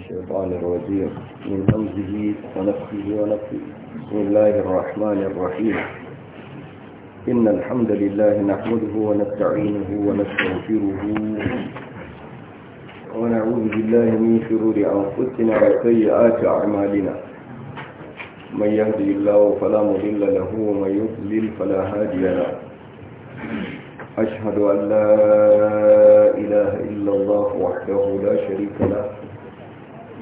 الشيطان الرجيم من همزه ونفسه ونفسه بسم الله الرحمن الرحيم إن الحمد لله نحمده ونستعينه ونستغفره ونعوذ بالله من شرور أنفسنا وسيئات أعمالنا من يهدي الله فلا مضل له ومن يضلل فلا هادي له أشهد أن لا إله إلا الله وحده لا شريك له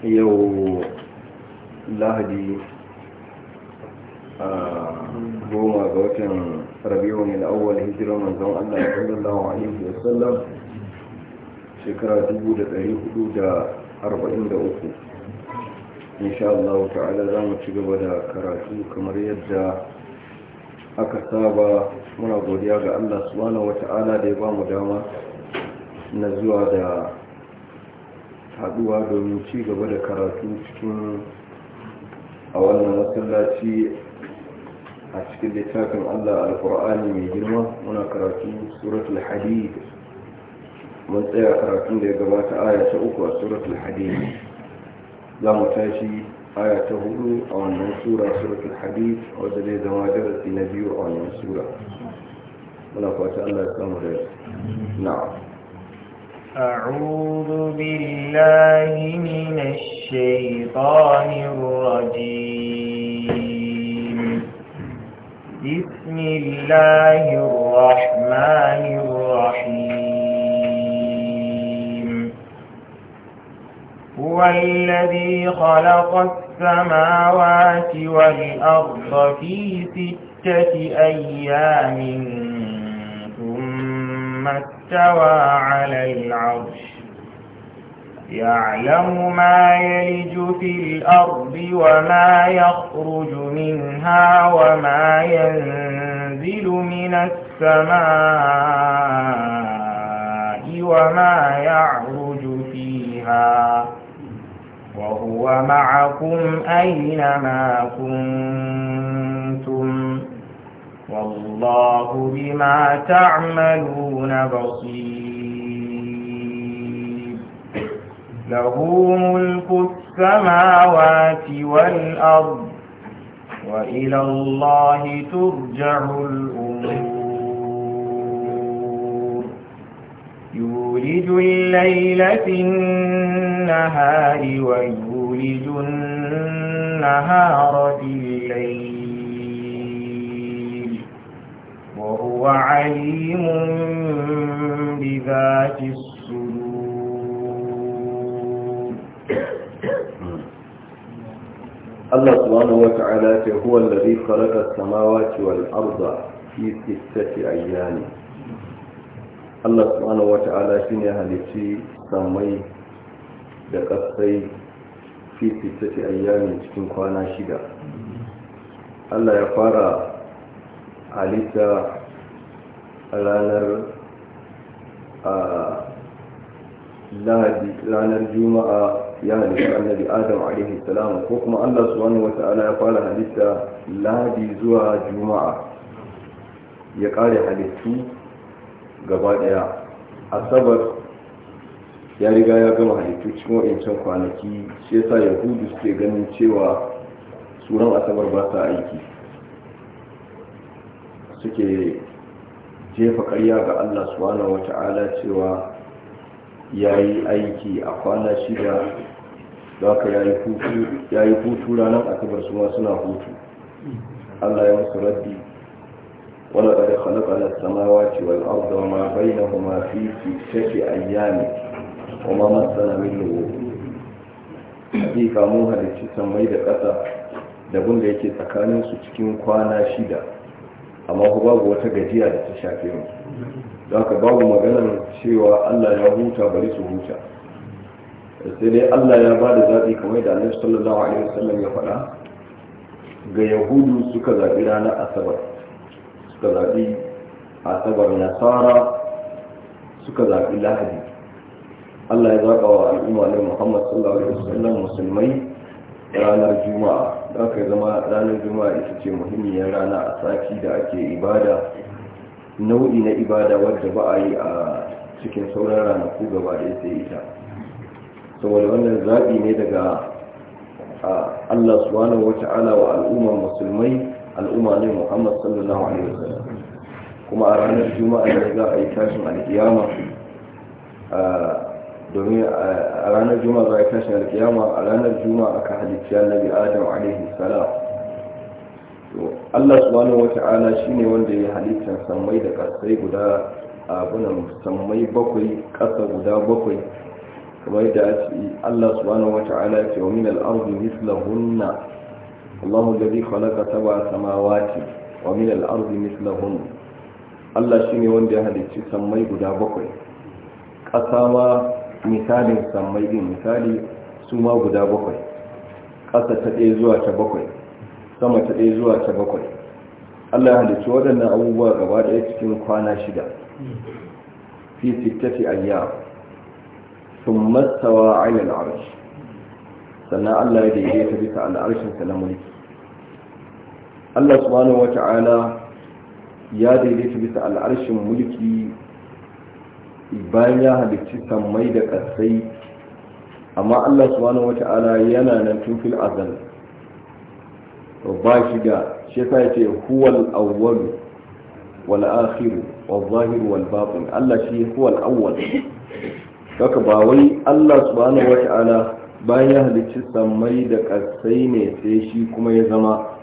yau lahadi a ah, goma ga watan rabiwa mai la'awar hijirar manzon allah sallallahu alaihi wasallam shekara 1443 insha Allah ta'ala za mu ci gaba da karatu kamar yadda aka saba muna godiya ga allah subhanahu wa ta'ala da ya ba mu dama na zuwa da haduwa domin ci gaba da karatu cikin a wannan masallaci a cikin littafin Allah alkur'ani mai girma muna karatu suratul hadid mun tsaya karatun da ya gabata aya ta uku a suratul hadid za mu tashi aya ta hudu a wannan sura suratul hadid wadda zai zama darasi na biyu a wannan sura muna fata Allah ya samu da na'am أعوذ بالله من الشيطان الرجيم بسم الله الرحمن الرحيم هو الذي خلق السماوات والأرض في ستة أيام ثم استوى على العرش يعلم ما يلج في الأرض وما يخرج منها وما ينزل من السماء وما يعرج فيها وهو معكم أينما كنتم والله بما تعملون بصير له ملك السماوات والأرض وإلى الله ترجع الأمور يولج الليل في النهار ويولج النهار في الليل وهو عليم بذات الصدور الله سبحانه وتعالى هو الذي خلق السماوات والأرض في ستة أيام Allah subhanahu wa ta'ala shi ne halitti samai da ƙasai fi fitati ayyami cikin kwana shida Allah ya fara halitta ranar ranar juma'a ya halitta annabi adam alaihi salam ko kuma allah subhanahu wata'ala ya fara halitta lahadi zuwa juma'a ya kare halittu gaba daya asabar ya riga ya gama halittu cikin wa'incan kwanaki shi yasa yahudu suke ganin cewa suran asabar ba ta aiki suke jefa ƙarya ga Allah subhanahu wata'ala cewa yayi aiki a kwana shida zaka yayi hutu yayi hutu ranar asabar su ma suna hutu Allah ya musu raddi wala qad khalaqna as-samawati wal arda wa ma bainahuma fi sittati ayyamin wa ma massana min lughub hakika mun halicci sammai da ƙasa da gunda yake tsakaninsu cikin kwana shida amma ku babu wata gajiya da ta shafe mu don ka babu maganar cewa Allah ya huta bari su huta sai dai Allah ya ba da zaɓi kamar da Annabi sallallahu alaihi wasallam ya faɗa ga yahudu suka zaɓi ranar asabar suka zaɓi asabar nasara suka zaɓi lahadi Allah ya zaɓa wa al'umma ne Muhammad sallallahu alaihi wasallam musulmai ranar juma'a za ka zama ranar juma'a ita ce muhimmiyar rana a sati da ake ibada nau'i na ibada wadda ba a yi a cikin sauran ranaku gaba ɗaya sai ita saboda wannan zaɓi ne daga Allah subhanahu wata ala wa al'ummar musulmai al'umma ne Muhammad sallallahu alaihi wasallam kuma a ranar juma'a ne za a yi tashin alkiyama domin eh, a ranar juma'a za a tashin alkiyama a ranar juma'a aka halicci annabi adam alaihi salam to Allah subhanahu wata'ala shine wanda ya halitta sammai da kasai guda abunan sammai bakwai ƙasa guda bakwai kamar da Allah subhanahu wata'ala ya ce wa min al-ardi mislahunna Allahu alladhi khalaqa sab'a samawati wa min al-ardi mislahunna Allah shine wanda ya halicci sammai guda bakwai ƙasa ma misalin sammai din misali su ma guda bakwai ƙasa ta ɗaya zuwa ta bakwai sama ta ɗaya zuwa ta bakwai Allah ya halicci waɗannan abubuwa gaba ɗaya cikin kwana shida fi sittati ayyam sun mastawa ainihin arshi sannan Allah ya daidaita bisa al'arshinsa na mulki Allah subhanahu wata'ala ya daidaita bisa al'arshin mulki bayan ya halicci sammai da ƙasai amma Allah subhanahu wata'ala yana nan tun fil azal ba shi da shi yasa yace huwal awwal wal akhir wal zahir wal batin Allah shi huwal awwal kaka ba wai Allah subhanahu wata'ala bayan ya halicci sammai da ƙasai ne sai shi kuma ya zama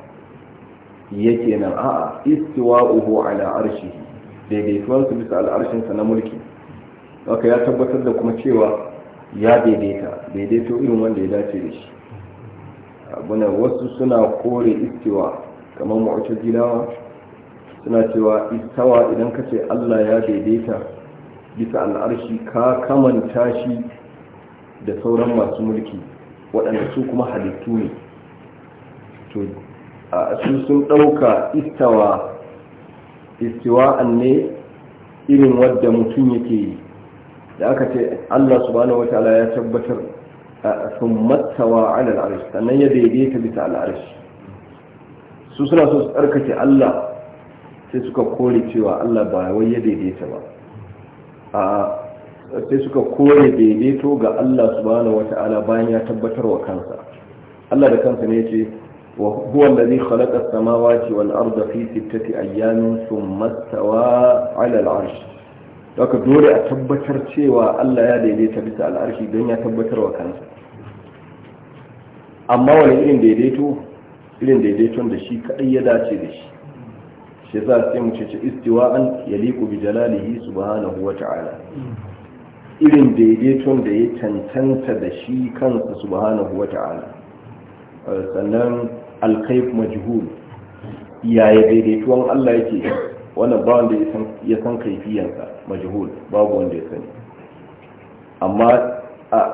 yake nan a'a istiwa'uhu ala arshihi su bisa al'arshinsa na mulki aka ya tabbatar da kuma cewa ya daidaita daidaito irin wanda ya dace da shi abunan wasu suna kore istiwa kamar gilawa suna cewa istawa idan ka ce Allah ya daidaita bisa al'arshi ka kamanta shi da sauran masu mulki waɗanda su kuma halittu ne to su sun ɗauka istawa istiwa'an ne irin wadda mutum yake yi da aka ce Allah subhanahu wataala ya tabbatar sun mattawa ala al'arshi sannan ya daidaita bisa al'arish su suna so su tsarkake Allah sai suka kore cewa Allah ba wai ya daidaita ba a sai suka kore daidaito ga Allah subhanahu wataala bayan ya tabbatar wa kansa Allah da kansa ne ce wa huwa allazi khalaqa as-samawati wal arda fi sittati ayyamin thumma istawa ala al-'arsh daga dole a tabbatar cewa Allah ya daidaita bisa al'arshi don ya tabbatar wa kansa amma wani irin daidaito irin daidaiton da shi kaɗai ya dace da shi shi za sai mu cece an ya liku bi jalalihi subhanahu wa ta'ala irin daidaiton da ya cancanta da shi kansa subhanahu wa ta'ala sannan alkaif majhul yaya daidaituwan Allah yake wannan ba wanda ya san kaifiyarsa majhul babu wanda ya sani amma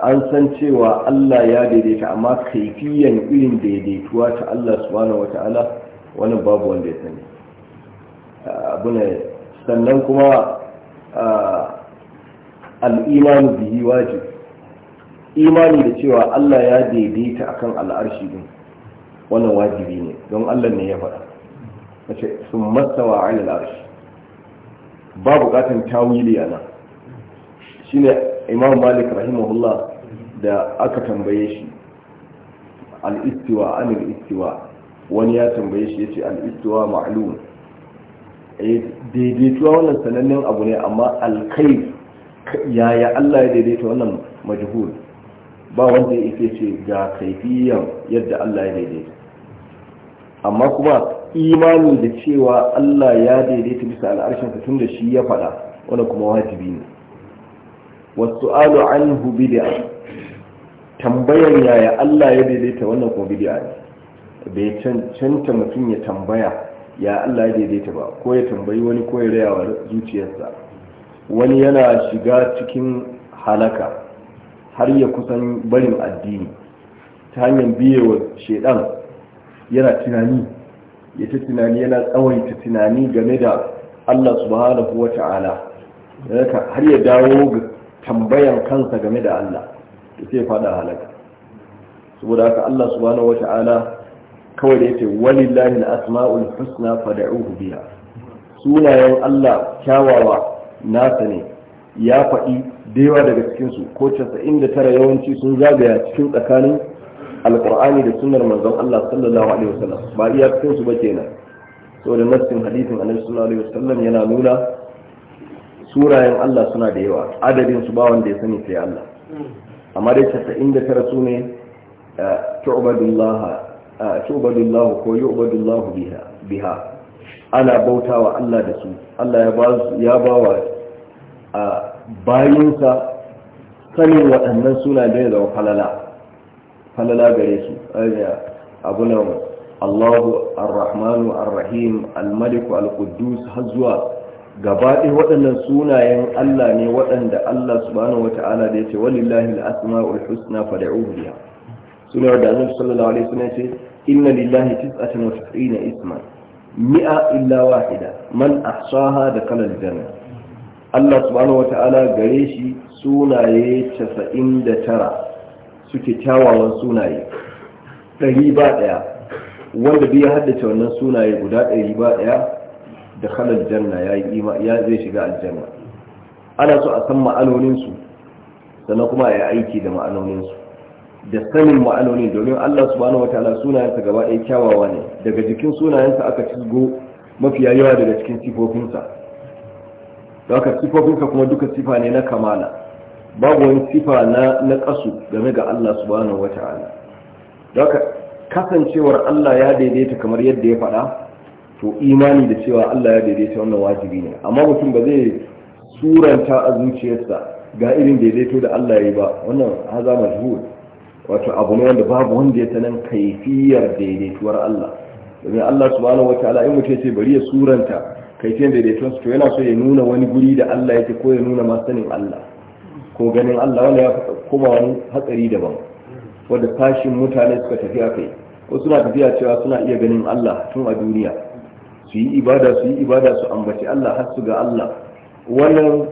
an san cewa Allah ya daidaita amma kaifiyan irin daidaituwa ta Allah subhanahu wata'ala wannan babu wanda ya sani abune sannan kuma al'imanu bihi wajib imani da cewa Allah ya daidaita akan al'arshi din wannan wajibi ne don Allah ne ya faɗa a ce sun matsawa a ainihin ba bukatan tawili a nan shi ne imam malik rahimahullah da aka tambaye shi al'istiwa anil istiwa wani ya tambaye shi ya ce al'istiwa ma'alum eh, daidaituwa wannan sanannen abu ne amma alkai yaya allah ya daidaita wannan majhul ba wanda ya ce ga kaifiyar yadda allah ya daidaita amma kuma imani da cewa Allah ya daidaita bisa al'arshin tun da shi ya faɗa wanda kuma wajibi ne wasu alu anhu bid'a tambayar yaya Allah ya daidaita wannan kuma bid'a ne bai cancanta mutum ya tambaya ya Allah ya daidaita ba ko ya tambayi wani ko ya rayawa zuciyarsa wani yana shiga cikin halaka har ya kusan barin addini ta hanyar biyewa shaidan yana tunani ya ta tunani yana tsawaita tunani game da Allah subhanahu wa ta'ala har ya dawo ga tambayan kansa game da Allah da sai fada halaka saboda haka Allah subhanahu wa ta'ala kawai da ce walillahi al-asma'ul husna fad'uhu biya. sunayen Allah kyawawa nasa ne ya faɗi da daga cikinsu ko tara yawanci sun zagaya cikin tsakanin Alkur'ani da sunnar manzon Allah sallallahu alaihi wasallam ba iya cikin su ba kenan saboda nassin hadisin annabi sallallahu alaihi wasallam yana nuna surayen Allah suna da yawa adadin su ba wanda ya sani sai Allah amma dai 99 su ne eh, tu'badullah eh, ko yu'badullah biha biha ana bautawa Allah da su Allah ya ba ya bawa eh, bayinsa sanin waɗannan sunayen da falala falala gare su eh, abu na Allahu ar arrahim ar alkudus al har zuwa gaba waɗannan sunayen Allah ne waɗanda Allah subhanahu ta'ala da 'wani lahi al-asma'ul husna fad'uhu biha sunan da Annabi sallallahu alaihi suna yace inna lillahi tis'atan wa tis'ina isma' mi'a illa wahida man ahsaha da kalal janna Allah subhanahu wata'ala gare shi sunaye 99 suke kyawawan sunaye ɗari ba ɗaya wanda biya haddace wannan sunaye guda ɗari ba ɗaya da halar janna ya zai shiga aljanna ana so a san ma'anoninsu sannan kuma a yi aiki da ma'anoninsu da sanin ma'anonin domin allah subhanahu wa ta'ala sunayensa gaba ɗaya kyawawa ne daga jikin sunayensa aka cizgo mafiya yawa daga cikin sifofinsa da aka sifofinsa kuma duka sifa ne na kamala babu wani sifa na na kasu game ga Allah subhanahu wata'ala daga kasancewar Allah ya daidaita kamar yadda ya faɗa to imani da cewa Allah ya daidaita wannan wajibi ne amma mutum ba zai suranta a zuciyarsa ga irin daidaito da Allah ya yi ba wannan haza majhul wato abu ne wanda babu wanda ya sanan kaifiyar daidaituwar Allah domin Allah subhanahu wataala in mutum ce bari ya suranta kaifiyar daidaitonsa to yana so ya nuna wani guri da Allah yake ko ya nuna masanin Allah ko ganin Allah wanda ya koma wani hatsari daban wanda tashin mutane suka tafi a kai wasu na tafiya cewa suna iya ganin Allah tun a duniya su yi ibada su yi ibada su ambaci Allah har su ga Allah wannan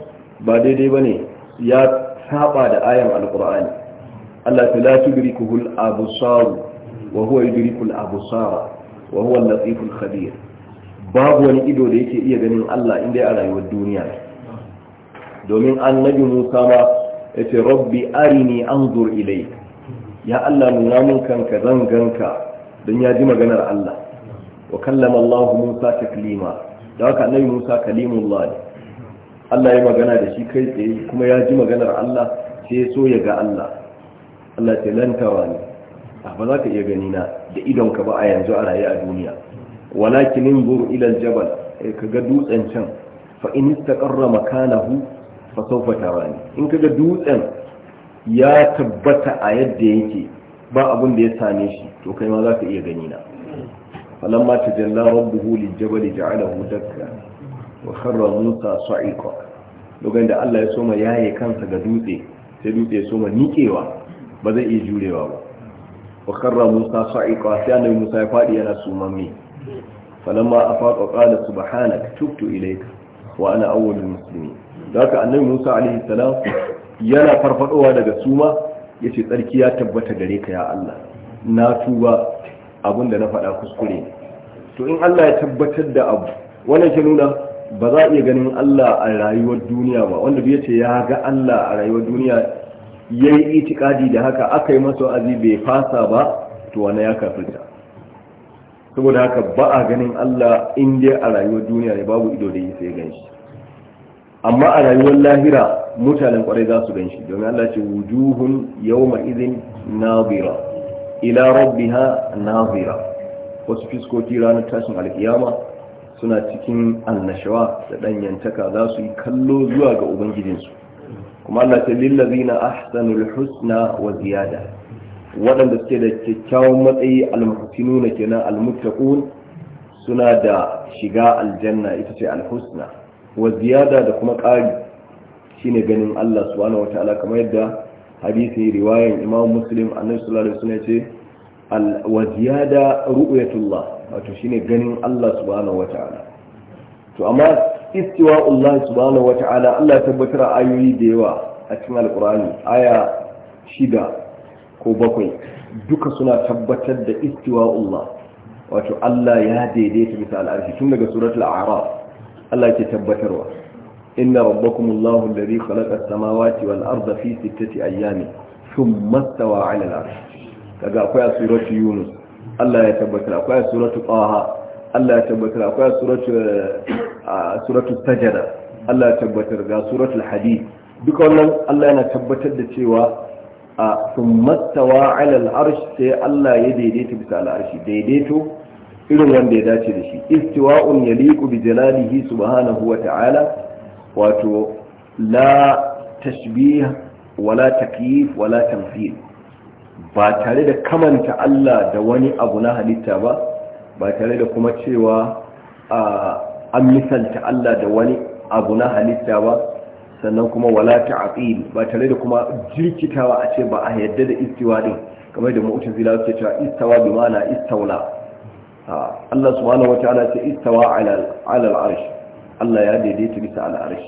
ba daidai ba ne ya saba da ayan alkur'ani Allah ta la tudrikuhu al-absar wa huwa yudriku al wa huwa al-latif khabir babu wani ido da yake iya ganin Allah inda a rayuwar duniya domin annabi musa ma ya ce rabbi arini anzur ilai ya allah nuna min kanka zan ganka don ya ji maganar allah wa kallama allah musa taklima da haka annabi musa kalimullah ne allah ya magana da shi kai tsaye kuma ya ji maganar allah sai so ya ga allah allah ce lantawa ne ah, ba za ka iya gani na da idonka ba a yanzu a raye a duniya walakin inzur ila jabal eh, ka ga dutsen can fa in istaqarra makanahu fa sawfa tarani in kaga dutsen ya tabbata a yadda yake ba abin da ya same shi to kai ma za ka iya gani na falamma tajalla rabbuhu liljabali ja'alahu dakka wa kharra musa sa'iqa lokacin da Allah ya soma yaye kansa ga dutse sai dutse ya soma nikewa ba zai iya jurewa ba wa kharra musa sa'iqa sai annabi musa ya fadi yana sumamme falamma afaqa qala subhanaka tubtu ilayka wa ana awwalul muslimin da haka annabi Musa alaihi salam yana farfadowa daga suma yace tsarki ya tabbata gare ka ya Allah na tuba da na faɗa kuskure to in Allah ya tabbatar da abu wannan ke nuna ba za a iya ganin Allah a rayuwar duniya ba wanda bai ce ya ga Allah a rayuwar duniya yayi itikadi da haka aka yi masa azi bai fasa ba to wani ya kafirta saboda haka ba a ganin Allah in dai a rayuwar duniya ne babu ido da yake sai gan shi amma a rayuwar lahira mutanen kwarai za su ganshi domin Allah ce wujuhun yawma idhin nazira ila rabbiha nazira wasu fiskoki ranar tashin alkiyama suna cikin annashawa da danyantaka za su yi kallo zuwa ga ubangijinsu kuma Allah ce lillazina ahsanul husna wa ziyada waɗanda suke da kyakkyawan matsayi almuhsinuna kenan almuttaqun suna da shiga aljanna ita ce alhusna wa ziyada da kuma ƙari shine ganin Allah subhanahu wataala kamar yadda hadisi riwayan Imam Muslim annabi sallallahu alaihi wasallam ce wa ziyada ru'yatullah wato shine ganin Allah subhanahu wataala to amma istiwa'ullah subhanahu wataala Allah ya tabbatar ayoyi da yawa a cikin alqur'ani aya shida ko bakwai duka suna tabbatar da istiwa'ullah wato Allah ya daidaita bisa al'arshi tun daga suratul a'raf Allah ke tabbatarwa inna rabbakum lahu alladhi khalaqa as-samawati wal arda fi sittati ayyamin thumma istawa 'ala al-'arsh kaga akwai suratu yunus Allah ya tabbatar akwai suratu qaha Allah ya tabbatar akwai suratu suratu sajada Allah ya tabbatar ga suratul hadid duka wannan Allah yana tabbatar da cewa a thumma istawa 'ala al-'arsh sai Allah ya daidaita bisa al-'arshi daidaito irin wanda ya dace da shi istiwa'un yaliku bi jalalihi subhanahu wa ta'ala wato la tashbih wala takyif wala tamthil ba tare da kamanta Allah da wani abu na halitta ba ba tare da kuma cewa an misalta Allah da wani abu na halitta ba sannan kuma wala ta'qil ba tare da kuma jirkitawa a ce ba a yadda da istiwa din kamar da mu'tazila suke cewa istawa bi ma'ana istawla Allah subhanahu ta'ala ce istawa ala al-arsh Allah ya daidaita bisa al-arsh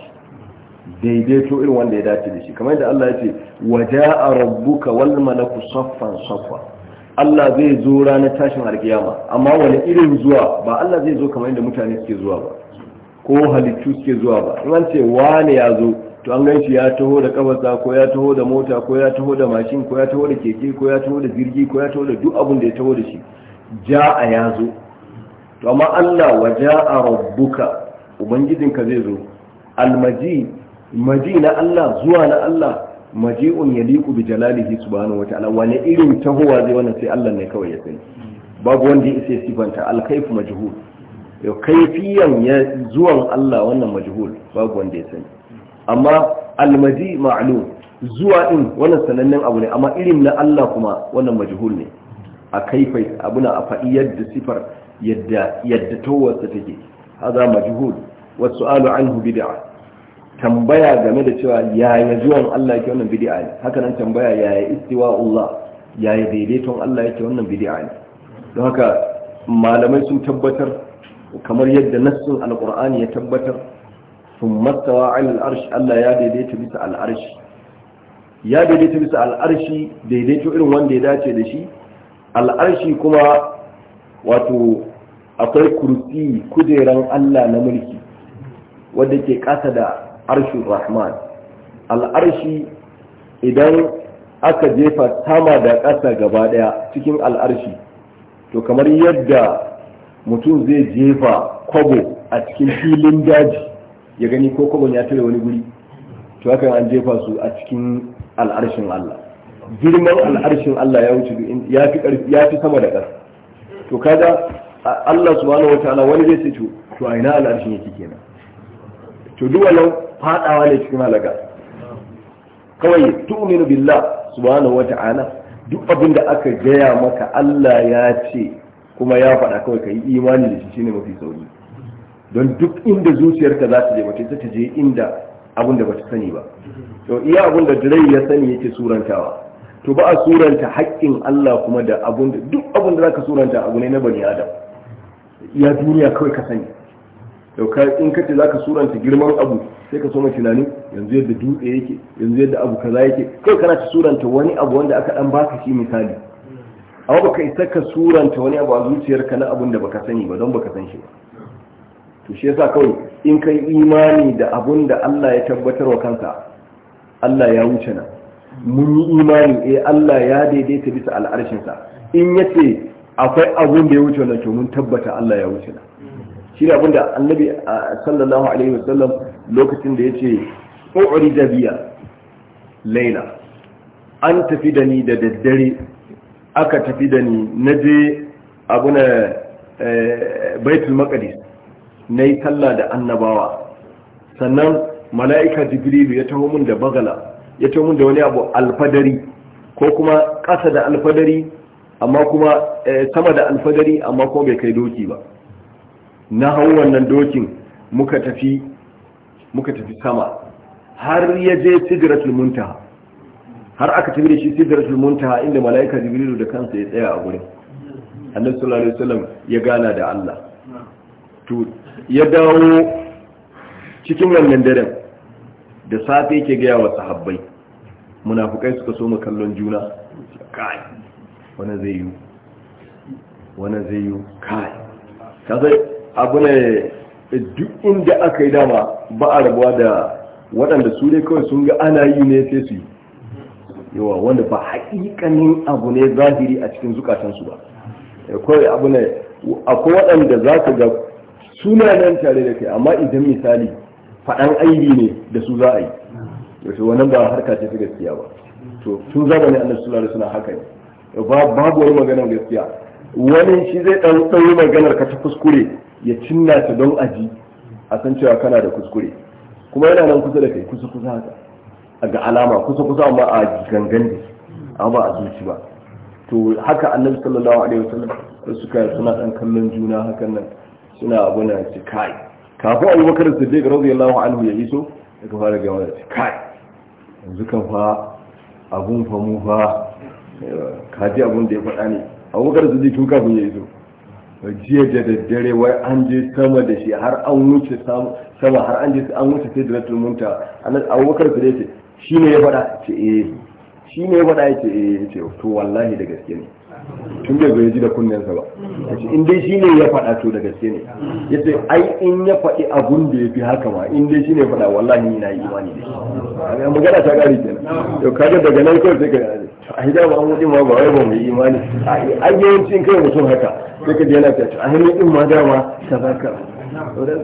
daidaito irin wanda ya dace da shi kamar yadda Allah ya ce waja'a rabbuka wal malaku saffan saffa Allah zai zo ranar tashin alkiyama amma wani irin zuwa ba Allah zai zo kamar yadda mutane suke zuwa ba ko halittu suke zuwa ba in an ce wane ya zo to an ganshi ya taho da kabasa ko ya taho da mota ko ya taho da mashin ko ya taho da keke ko ya taho da jirgi ko ya taho da duk abin da ya taho da shi ja'a ya zo to amma Allah wa ja'a rabbuka ubangijinka zai zo almaji maji na Allah zuwa na Allah maji'un yaliku bi jalalihi subhanahu wa ta'ala wani irin tahowa zai wannan sai Allah ne kawai ya sani babu wanda ya isa sifanta alkaifu majhul yau kaifiyan ya zuwan Allah wannan majhul babu wanda ya sani amma almaji ma'lum zuwa din wannan sanannen abu ne amma irin na Allah kuma wannan majhul ne a kaifa abuna a faɗi yadda sifar yadda yadda towarsa take haza majhul wasu alu anhu bid'a tambaya game da cewa yaya zuwan Allah yake wannan bid'a ne haka nan tambaya yaya istiwa Allah yaya daidaiton Allah yake wannan bid'a ne don haka malamai sun tabbatar kamar yadda nassun alqur'ani ya tabbatar sun mastawa alal arshi Allah ya daidaita bisa al'arshi ya daidaita bisa al'arshi daidaito irin wanda ya dace da shi al'arshi kuma wato akwai kursi kujeran Allah na mulki wadda ke kasa da arshin rahman al'arshi idan aka jefa sama da ƙasa gaba ɗaya cikin al'arshi to kamar yadda mutum zai jefa kwabo a cikin filin daji ya gani ko kwabon ya tare wani guri to hakan an jefa su a cikin al'arshin Allah girman al'arshin Allah ya wuce ya fi ya fi sama da ƙasa to kaga Allah subhanahu wataala wani zai ce to to aina al'arshin yake kenan to duk wannan fadawa ne cikin halaka kawai tu'minu billah subhanahu wataala duk abin da aka gaya maka Allah ya ce kuma ya faɗa kawai ka yi imani da shi shine mafi sauri don duk inda zuciyarka za ta je mace ta je inda abin da ba ta sani ba to iya abin da dare ya sani yake surantawa to ba a suranta haƙƙin Allah kuma da abun da duk abun da zaka suranta abu ne na bani adam ya duniya kawai ka sani to ka in ka ce zaka suranta girman abu sai ka soma tunani yanzu yadda dutse yake yanzu yadda abu kaza yake kai kana ta suranta wani abu wanda aka dan baka shi misali amma baka isa ka suranta wani abu a zuciyarka na abun da baka sani ba don baka san shi ba to shi yasa kawai in kai imani da abun da Allah ya tabbatar wa kansa Allah ya wuce nan mun yi imani eh Allah ya daidaita bisa al'arshinsa in yace akwai abun da ya wuce wannan to mun tabbata Allah ya wuce nan shi ne abinda annabi sallallahu alaihi wasallam lokacin da yace u'ri da biya laila an tafi da ni da daddare aka tafi da ni naje abuna eh, baitul maqdis nayi sallah da annabawa sannan mala'ika jibrilu ya taho mun da bagala ya ce mun da wani abu alfadari ko kuma ƙasa da alfadari amma kuma eh, sama da alfadari amma kuma bai kai doki ba na hau wannan dokin muka tafi muka tafi sama har ya je sidratul muntaha har aka tafi da shi sidratul muntaha inda mala'ika jibrilu da kansa ya tsaya a gurin annabi sallallahu alaihi wasallam ya gana da Allah to ya dawo cikin wannan daren da safe yake gaya wa sahabbai munafukai suka so mu kallon juna kai wani zai yi wani zai yi kai kaza abu ne duk inda aka yi dama ba a rabuwa da waɗanda su ne kawai sun ga ana yi ne sai su yi yawa wanda ba haƙiƙanin abu ne zahiri a cikin zukatansu ba eh, kawai abu ne akwai waɗanda za ka ga suna nan tare da kai amma idan misali faɗan aibi ne da su za a yi wato wannan ba harka ce ta gaskiya ba to tun zamanin annabi sallallahu alaihi wasallam haka ne babu wani maganar gaskiya wani shi zai dan tsayi maganar ka ta kuskure ya cinna ta don aji a san cewa kana da kuskure kuma yana nan kusa da kai kusa kusa haka ga alama kusa kusa amma a gangan ne amma ba a zuci ba to haka annabi sallallahu alaihi wasallam suka suna dan kallon juna hakan nan suna abuna su kai kafin abubakar siddiq radiyallahu anhu ya iso ya ka fara gama da kai yanzu kan fa abun fa mu fa kaji abun da ya faɗa ne abubakar siddiq tun kafin ya iso jiya da daddare wai an je sama da shi har an wuce sama har an je an wuce sai da munta abubakar siddiq shi ne ya faɗa ce eh shi ne ya faɗa ya ce eh ya ce to wallahi da gaske ne tun bai bai ji da kunnensa ba in dai shi ne ya faɗa to da gaske ne ya ce ai in ya faɗi abun da ya fi haka ma in dai shi ne faɗa wallahi na yi imani da shi magana ta ƙari kenan to kaga daga nan kawai sai ka yi a hida ba an wuce ma ba wai ba mu yi imani a yawancin kai mutum haka sai ka je yana ta a hanyar din ma dama ta zaka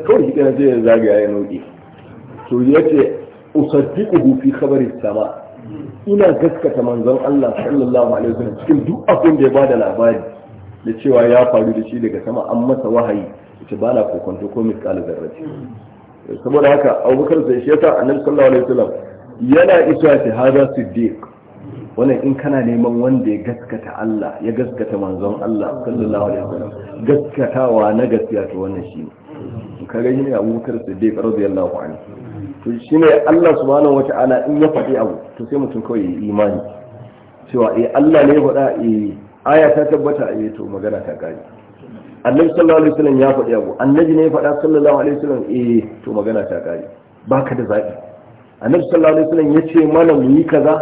kawai shi kana zai ya zagaya ya noki to ya ce usaddiquhu fi khabari sama ina gaskata manzon Allah sallallahu alaihi wasallam cikin duk abin da ya bada labari da cewa ya faru da shi daga sama an masa wahayi ita ba na kokonto ko misqal zarrati saboda haka Abubakar sai shi yasa Annabi sallallahu alaihi wasallam yana isa shi hada siddiq wannan in kana neman wanda ya gaskata Allah ya gaskata manzon Allah sallallahu alaihi wasallam gaskatawa na gaskiya to wannan shi ne kaga yin Abubakar Siddiq radiyallahu anhu to shi ne Allah subhanahu wa ta'ala in ya faɗi abu to sai mutum kawai ya imani cewa eh Allah ne ya faɗa eh aya ta tabbata eh to magana ta kare annabi sallallahu alaihi wasallam ya faɗi abu annabi ne ya faɗa sallallahu alaihi wasallam eh to magana ta kare baka da zaɓi annabi sallallahu alaihi wasallam ya ce mana mu yi kaza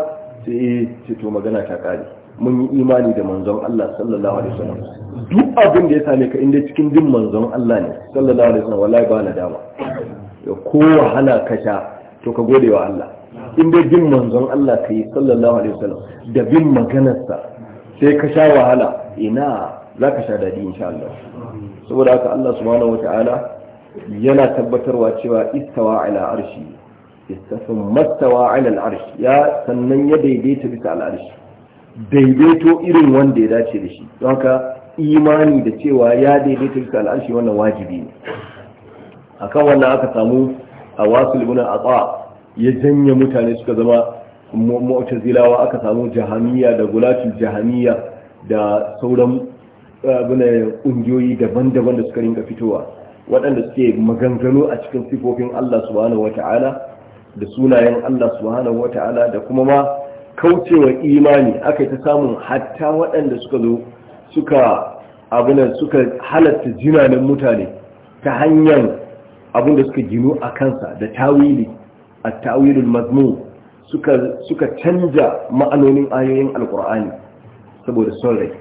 sai eh to magana ta kare mun yi imani da manzon Allah sallallahu alaihi wasallam duk abin da ya same ka inda cikin din manzon Allah ne sallallahu alaihi wasallam wallahi ba na dama ko wahala ka sha to ka gode wa Allah in dai bin manzon Allah ka yi sallallahu alaihi wasallam da bin maganarsa sai ka sha wahala ina za ka sha daɗi insha Allah saboda haka Allah subhanahu wata'ala yana tabbatarwa cewa istawa ala arshi istafin mastawa ala arshi, ya sannan ya daidaita bisa al'arshi daidaito irin wanda ya dace da shi don haka imani da cewa ya daidaita bisa al'arshi wannan wajibi ne akan wannan aka samu a wasu libuna a tsawa ya janye mutane suka zama mu'tazilawa aka samu jahamiya da gulatin jahamiya da sauran eh, abinan ƙungiyoyi daban-daban da suka rinka fitowa waɗanda suke maganganu a cikin sifofin Allah subhanahu wata'ala da sunayen Allah subhanahu wata'ala da kuma ma kaucewa imani aka ta samun hatta waɗanda suka zo suka abinan suka halatta jinanin mutane ta hanyar abin da suka gino a kansa da tawili a tawilin mazmu suka canza ma'anonin ayoyin alkur'ani saboda son rai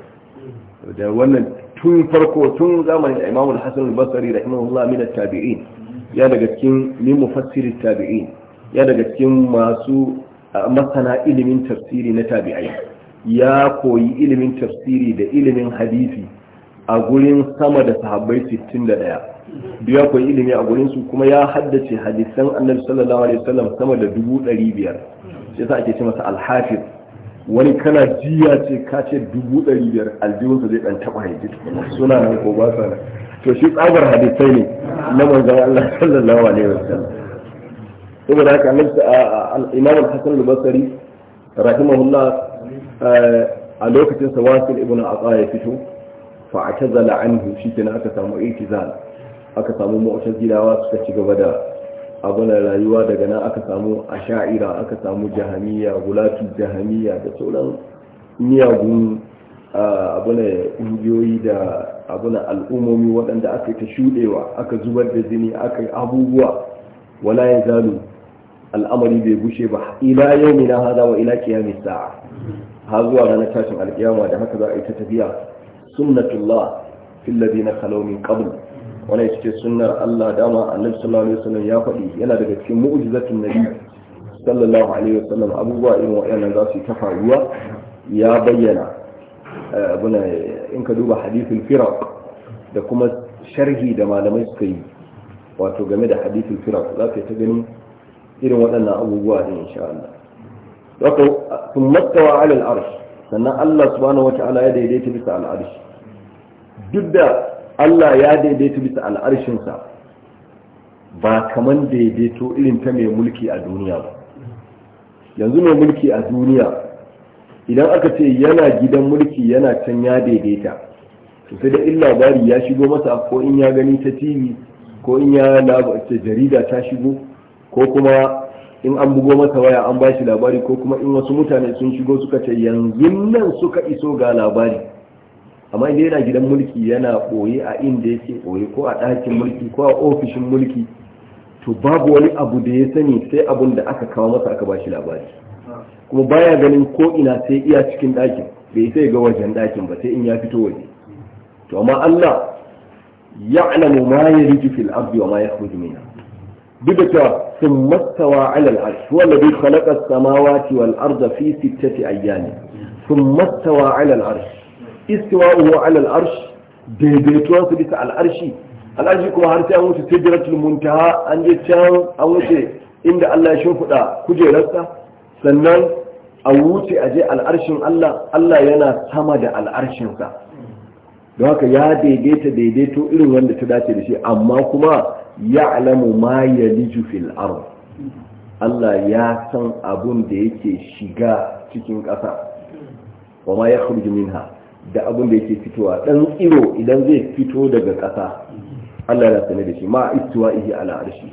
da wannan tun farko tun zamanin Imam al hassan al da rahimahullah min tabiin ya daga cikin min mufassir tabiin ya daga cikin masu masana ilimin tafsiri na tabi'ai ya koyi ilimin tafsiri da ilimin hadisi a gurin sama da sahabbai 61 biya koyi ilimi a gurin su kuma ya haddace hadisan annabi sallallahu alaihi wasallam sama da dubu ɗari biyar sai yasa ake ce masa alhafiz wani kana jiya ce ka ce dubu ɗari biyar aljihunsa zai ɗan taɓa haiti suna nan ko ba sana to shi tsabar hadisai ne na manzan Allah sallallahu alaihi wasallam saboda haka annabi imam al-hasan al-basri rahimahullah eh, a lokacin sa wasil ibn aqa ya fito fa atazala anhu shikenan aka samu itizal aka samu gidawa suka ci gaba da abunan rayuwa daga nan aka samu asha'ira aka samu jahamiya gulatu jahamiya da sauran miyagun abunan ƙungiyoyi da abunan al'ummomi waɗanda aka ta shuɗewa aka zubar da jini aka yi abubuwa wala ya zalu al'amari bai bushe ba ila yau ne na haza wa ila kiyamis sa'a har zuwa ranar tashin alkiyama da haka za a yi ta tafiya sunnatullah fil ladina khalaw min qabl wani ya ce sunnar Allah dama annabi sallallahu alaihi wasallam ya faɗi yana daga cikin mu'jizatun nabi sallallahu alaihi wasallam abubuwa irin waɗannan za su ta faruwa ya bayyana eh, abuna in ka duba hadithul firaq da kuma sharhi da malamai suka yi wato game da hadithul firaq za ka ta gani irin waɗannan abubuwa ne insha Allah wato sun mastawa alal arsh sannan Allah subhanahu wata'ala ya daidaita bisa al arsh duk da Allah ya daidaita bisa al'arshinsa ba kamar daidaito irin ta mai mulki a duniya ba yanzu mai mulki a duniya idan aka ce yana gidan mulki yana can ya daidaita to sai da in labari ya shigo masa ko in ya gani ta tv ko in ya labarce jarida ta shigo ko kuma in an bugo masa waya an bashi labari ko kuma in wasu mutane sun shigo suka ce yanzu nan suka iso ga labari amma inda yana gidan mulki yana ɓoye a inda yake ɓoye ko a ɗakin mulki ko a ofishin mulki to babu wani abu da ya sani sai abun da aka kawo masa aka bashi labari kuma baya ganin ko ina sai iya cikin ɗakin bai sai ga wajen ɗakin ba sai in ya fito waje to amma Allah ya'lamu ma yarju fil ardi wa ma yakhruju minha duk da cewa sun mastawa ala arsh huwa alladhi khalaqa as-samawati wal arda fi sittati ayyamin sun mastawa ala arsh istiwa'uhu ala al-arsh daidaituwa su bisa al'arshi al'arshi kuma har sai an wuce sidratul muntaha an je can an wuce inda Allah ya shimfiɗa kujerarsa sannan a wuce a je al'arshin Allah Allah yana sama da al'arshinsa don haka ya daidaita daidaito irin wanda ta dace da shi amma kuma ya alamu ma ya fil Allah ya san abun da yake shiga cikin ƙasa wa ma ya minha da abin da yake fitowa dan tsiro idan zai fito daga ƙasa Allah ya sane da shi ma istiwa ihi ala arshi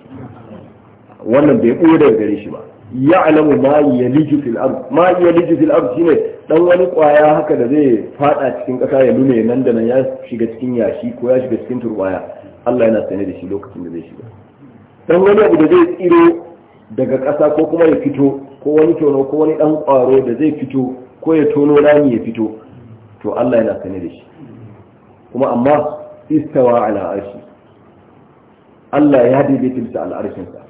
wannan bai bude daga gare shi ba ya'lamu ma yaliju fil ard ma yaliju fil ard shine dan wani kwaya haka da zai fada cikin ƙasa ya lume nan da nan ya shiga cikin yashi ko ya shiga cikin turwaya Allah yana sane da shi lokacin da zai shiga dan wani abu da zai tsiro daga ƙasa ko kuma ya fito ko wani tono ko wani dan ƙwaro da zai fito ko ya tono rami ya fito to Allah yana sane da shi kuma amma istawa ala arshi Allah ya daidaita bisa al'arshin sa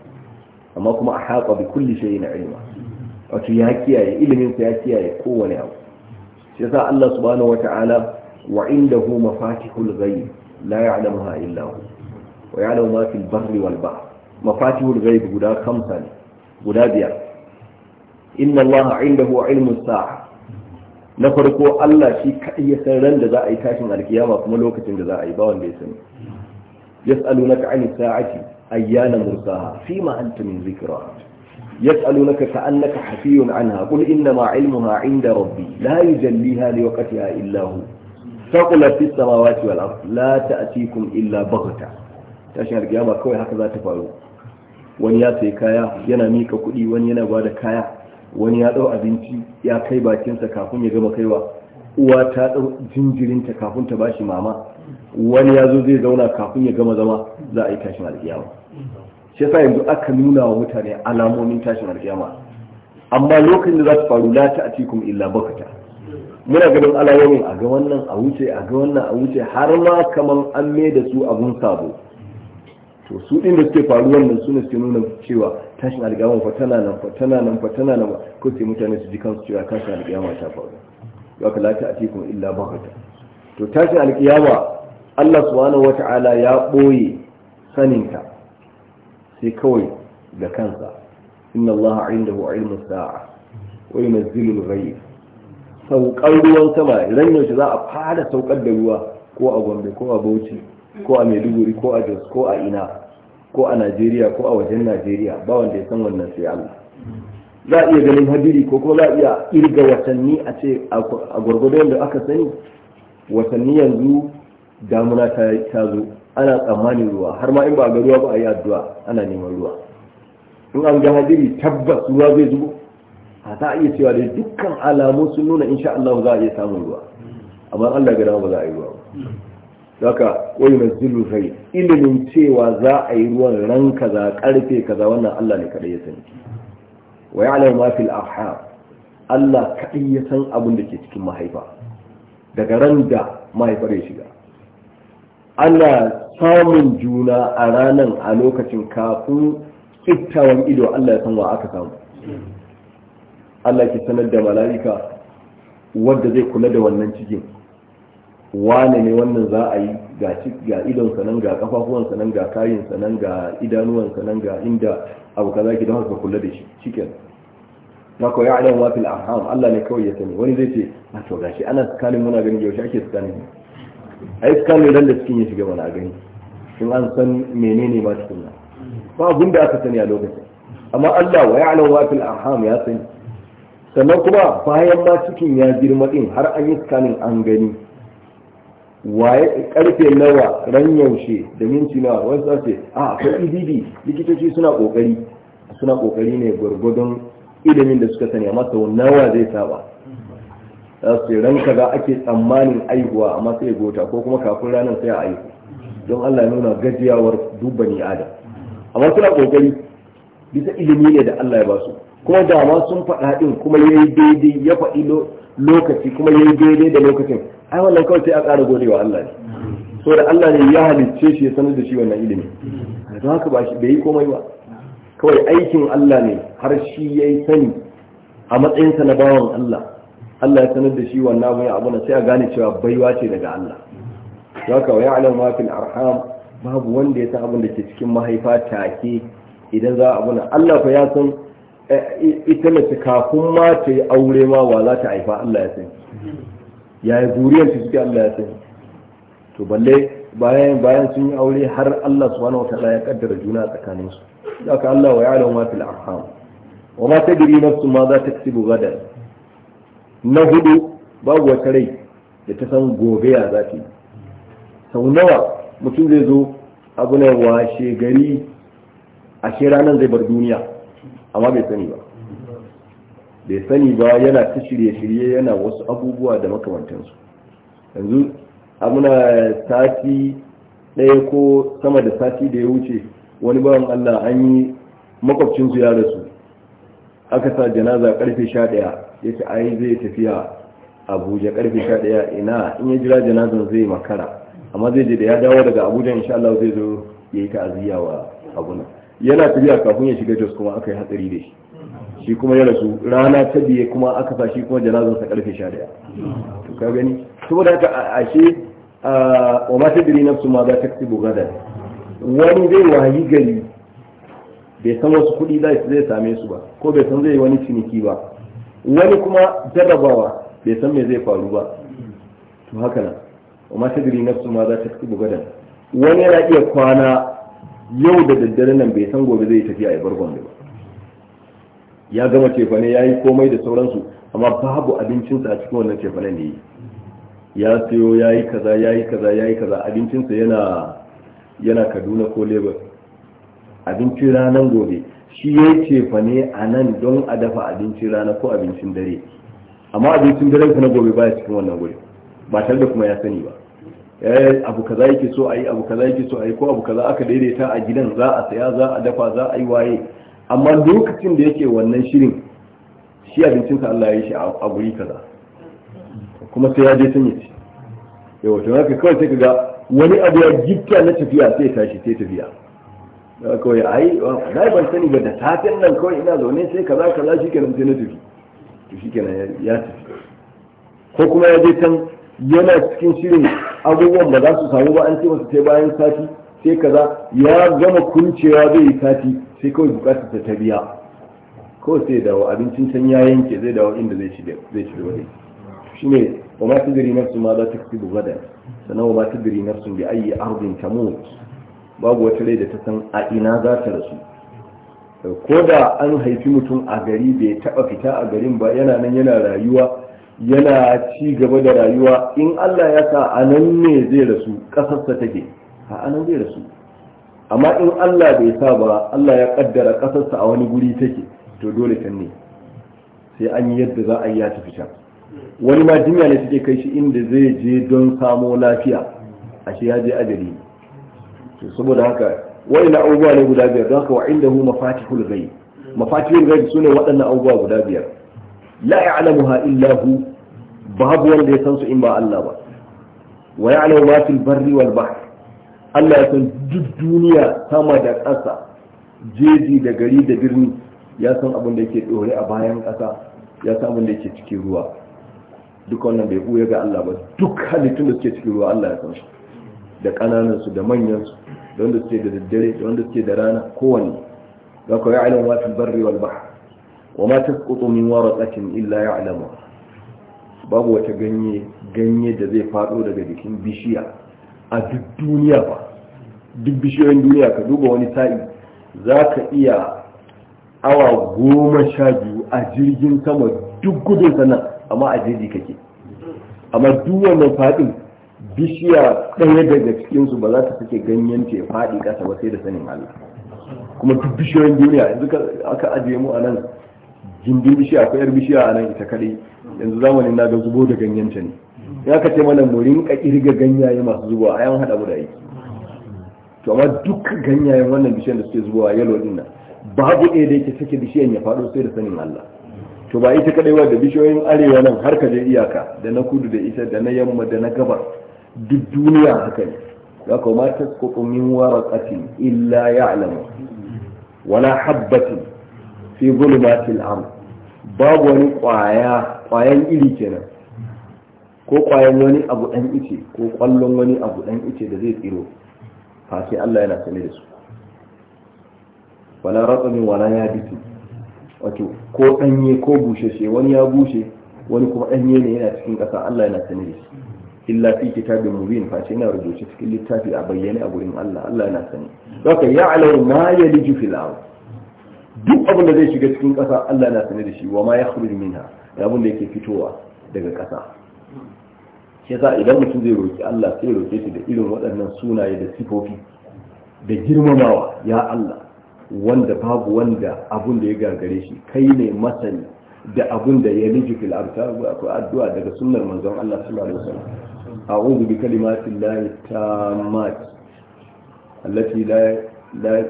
amma kuma a ahata bi kulli na ilma wato ya kiyaye ilimin sa ya kiyaye kowane abu shi yasa Allah subhanahu wata'ala wa indahu mafatihul ghaib la ya'lamuha illa hu wa ya'lamu ma fil barri wal bahr mafatihul ghaib guda kamsa ne guda biyar inna Allah indahu ilmus sa'a na farko Allah shi kaɗai ya san ran da za a yi tashin alkiyama kuma lokacin da za a yi ba wanda ya sani yas'alunaka 'ani sa'ati ayyana mursaha fima anta min zikra yas'alunaka ka'annaka hafiyun anha qul inna ma 'ilmuha 'inda rabbi la yujalliha liwaqtiha illa hu thaqulat fis samawati wal ard la ta'tikum illa baghta tashin alkiyama kawai haka za ta faru wani ya sai kaya yana mika kuɗi wani yana bada kaya wani ya ɗau abinci ya kai bakinsa kafin ya gama kaiwa uwa ta ɗau jinjirinta kafin ta bashi mama wani ya zo zai zauna kafin ya gama zama za a yi tashin alkiyama shi yasa yanzu aka nuna wa mutane alamomin tashin alkiyama amma lokacin da za su faru la ta'tikum illa bakata muna ganin alamomin a ga wannan a wuce a ga wannan a wuce har ma kaman an mai da su abun sabo to su din da suke faru wannan suna suke nuna cewa tashin alƙiyama fa tana nan fa tana nan fa tana nan ko sai mutane su ji kansu cewa tashin alƙiyama ta faru ya ka lati cikin illa ba ta to tashin alƙiyama Allah subhanahu wata'ala ya boye saninta sai kawai da kansa inna Allah indahu ilmu sa'a wa yunzilu al-ghayb saukar ruwan sama ran yaushe za a fara saukar da ruwa ko a Gombe ko a Bauchi ko a Maiduguri ko a Jos ko a ina ko a najeriya ko a wajen najeriya ba wanda ya san wannan sai allah za a iya ganin hadiri ko kuma za a iya irga watanni a ce a gwargwadon da aka sani watanni yanzu damuna ta zo ana tsammanin ruwa har ma in ba ga ruwa ba a yi addu'a ana neman ruwa in an ga hadiri tabbas ruwa zai zo a ta iya cewa da dukkan alamu sun nuna insha Allah za a iya samun ruwa amma Allah ga ba za a yi ruwa ba haka wai nazilu kai ilimin cewa za a yi ruwan ran kaza karfe kaza wannan Allah ne kaɗai ya sani ki. ya'lamu ma fil Allah kaɗai ya san abin da ke cikin mahaifa daga ran da mahaifar ya shiga ana samun juna a ranan a lokacin kafin tsittawan ido Allah ya san wa aka samu Allah ke sanar da mala'ika wanda zai kula da wannan cikin wane ne wannan za a yi ga idon sanan ga kafafuwan sanan ga kayin sanan ga idanuwan sanan ga inda abu kaza ki don haka kula da shi cikin na ko ya alam wafil arham Allah ne kawai ya sani wani zai ce a to gashi ana tsakanin muna ganin yaushe ake tsakanin ai tsakanin dan da cikin ya shiga mana gani kin an san menene ba cikin nan ba abin da aka sani a lokacin amma Allah wa ya alam wafil arham ya sani sannan kuma bayan ma cikin ya girma din har an yi tsakanin an gani waye karfe nawa ran yaushe da minti nawa A'a, za ce a akwai e likitoci suna kokari suna kokari ne gwargwadon ilimin da suka sani amma sau nawa zai saba za su ran kaza ake tsammanin aihuwa amma sai ya gota ko kuma kafin ranar sai a aihu don allah nuna gajiyawar dubbani adam amma suna kokari bisa ilimi ne da allah ya ba su. kuma dama sun faɗa ɗin kuma ya yi daidai ya faɗi lokaci kuma ya yi daidai da lokacin ai wannan kawai sai a ƙara wa Allah ne so da Allah ne ya halicce shi ya sanar da shi wannan ilimi don haka ba shi bai yi komai ba kawai aikin Allah ne har shi ya yi sani a matsayinsa na bawan Allah Allah ya sanar da shi wannan abun abu na sai a gane cewa baiwa ce daga Allah za ka ya ya'lam ma fil arham babu wanda ya san abin da ke cikin mahaifa take idan za a abu Allah fa ya san eh, ita mace kafin ma ta yi aure ma wa za ta haifa Allah ya san yi zuriyar su suke Allah ya sai to balle bayan bayan sun yi aure har Allah subhanahu ta'ala ya kaddara juna tsakanin su haka Allah wa ya'lamu ma fil arham wa ma tadri nafsu ma za ta kasibu gadan na hudu babu wata rai da ta san gobe ya za sau nawa mutum zai zo abu ne washe gari a shi ranar zai bar duniya amma bai sani ba bai sani ba yana ta shirye-shirye yana wasu abubuwa da makamantansu yanzu amuna sati ɗaya ko sama da sati da ya wuce wani bawan allah an yi makwabcinsu ya rasu aka sa janaza karfe 11 ya ce ai zai tafiya abuja karfe 11 ina in ya jira janazan zai makara amma zai je da ya dawo daga abuja insha Allah zai zo ya yi ta'aziyya wa abuna yana tafiya kafin ya shiga jos kuma aka yi hatsari da shi shi kuma ya rasu rana ta biye kuma aka sa shi kuma sa karfe sha daya to ka gani saboda haka ashe wa ma tadri nafsu ma za ta kasibu gadan wani zai wayi gari bai san wasu kuɗi zai same su ba ko bai san zai wani ciniki ba wani kuma jarrabawa bai san me zai faru ba to haka nan wa ma tadri nafsu ma za ta kasibu gadan wani yana iya kwana yau da daddare nan bai san gobe zai tafi a ibar gombe ba ya gama cefane ya yi komai da sauransu amma babu abincinsa a cikin wannan cefane ne ya siyo ya yi kaza ya yi kaza ya yi kaza abincinsa yana yana kaduna ko lebar abincin ranar gobe shi ya cefane a nan don a dafa abincin rana ko abincin dare amma abincin dare na gobe baya cikin wannan gobe ba tare da kuma ya sani ba eh, abu kaza yake so a yi abu kaza yake so a yi ko abu kaza aka daidaita a gidan za a saya za a dafa za a yi waye amma lokacin da yake wannan shirin shi abincinsa Allah ya yi shi a guri kaza kuma sai ya je sun yi yawa to haka kawai sai kaga wani abu ya gitta na tafiya sai tashi sai tafiya kawai ai na ban sani da tafiyan nan kawai ina zaune sai kaza shi shikenan sai na tafi to shikenan ya tafi ko kuma ya je can yana cikin shirin abubuwan ba za su samu ba an ce masa sai bayan sati sai kaza ya gama kuncewa zai yi sati sai kawai bukatar ta ta biya kawai sai da wa abincin can ya yanke zai dawo inda zai shiga zai wani shi ne wa ma tudiri nafsu ma za ta fi bugada sannan wa ma tudiri nafsu bi ayi ardin tamut babu wata rai da ta san a ina za ta rasu ko da an haifi mutum a gari bai taba fita a garin ba yana nan yana rayuwa yana ci gaba da rayuwa in Allah ya sa a nan ne zai rasu kasarsa take a nan zai rasu amma in Allah bai sa ba Allah ya kaddara kasarsa a wani guri take to dole can ne sai an yi yadda za a yi ya tafi can wani ma jinya ne take kai shi inda zai je don samo lafiya ashe ya je ajali to saboda haka wani na abubuwa ne guda biyar don haka wa indahu mafatihul ghaib mafatihul ghaib sune waɗannan abubuwa guda biyar la ya'lamuha illa hu babu wanda ya san su in ba Allah ba wa ya'lamu ma fil barri wal bahr Allah ya san duk duniya sama da ƙasa jeji da gari da birni ya san abin da yake ɗore a bayan ƙasa ya san abin da yake cikin ruwa duk wannan bai buya ga Allah ba duk halittun da suke cikin ruwa Allah ya san shi da ƙananan su da manyan su da wanda suke da daddare da wanda suke da rana kowanne za ka ya'lamu ma fil barri wal bahr wa ma tasqutu min waratin illa ya'lamu babu wata ganye ganye da zai faɗo daga jikin bishiya a duk duniya ba duk bishiyoyin duniya ka duba wani sa'i za ka iya awa goma sha biyu a jirgin sama duk gudun sana amma a jeji kake amma duk wannan faɗin bishiya ɗaya daga cikinsu ba za ta sake ganyen ce faɗi ƙasa ba sai da sanin Allah kuma duk bishiyoyin duniya yanzu aka ajiye mu a nan gindin bishiya akwai yar bishiya a nan ita kaɗai, yanzu zamanin na ga zubo da ganyen ta ne ya kace mana mu rinka kirga ganyaye masu zuwa a yan hada mu da aiki to amma duk ganyayen wannan bishiyar da suke zuwa yalo din nan babu ɗaya da yake sake bishiyar ya faɗo sai da sanin Allah to ba ita kadai wa da bishiyoyin arewa nan har ka je iyaka da na kudu da ita da na yamma da na gabar duk duniya haka ne ya kuma tasqutu min waraqatin illa ya'lamu wala habbatin fi zulumatil ard babu wani kwaya kwayan iri kenan ko kwayan wani abu dan ice ko kwallon wani abu dan ice da zai tsiro fa sai Allah yana sane da su wala ratsamin wala ya bitu wato ko danye ko busheshe wani ya bushe wani kuma danye ne yana cikin ƙasa Allah yana sane da shi illa fi kitabin mubin fa sai yana rubuce cikin littafi a bayyane a gurin Allah Allah yana sane zaka ya'lamu ma yaliju fil ard duk abin da zai shiga cikin ƙasa Allah yana sane da shi wa ma yakhruju minha da abin da yake fitowa daga ƙasa shi yasa idan mutum zai roki Allah sai ya roke shi da irin waɗannan sunaye da sifofi da girmamawa ya Allah wanda babu wanda abun da ya gagare shi kai ne masani da abun da ya liji fil arka akwai addu'a daga sunnar manzon Allah sallallahu alaihi wasallam a'udhu bi kalimati llahi tammat allati la la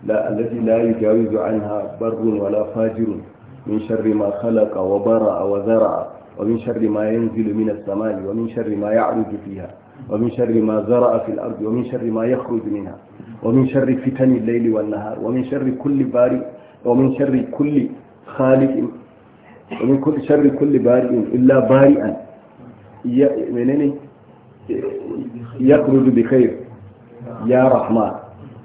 la allati la yujawizu anha barrun wala fajirun min sharri ma khalaqa wa bara wa zara'a ومن شر ما ينزل من السماء ومن شر ما يعرج فيها ومن شر ما زرع في الأرض ومن شر ما يخرج منها ومن شر فتن الليل والنهار ومن شر كل بارئ ومن شر كل خالق ومن كل شر كل بارئ إلا بارئا منين يخرج بخير يا رحمن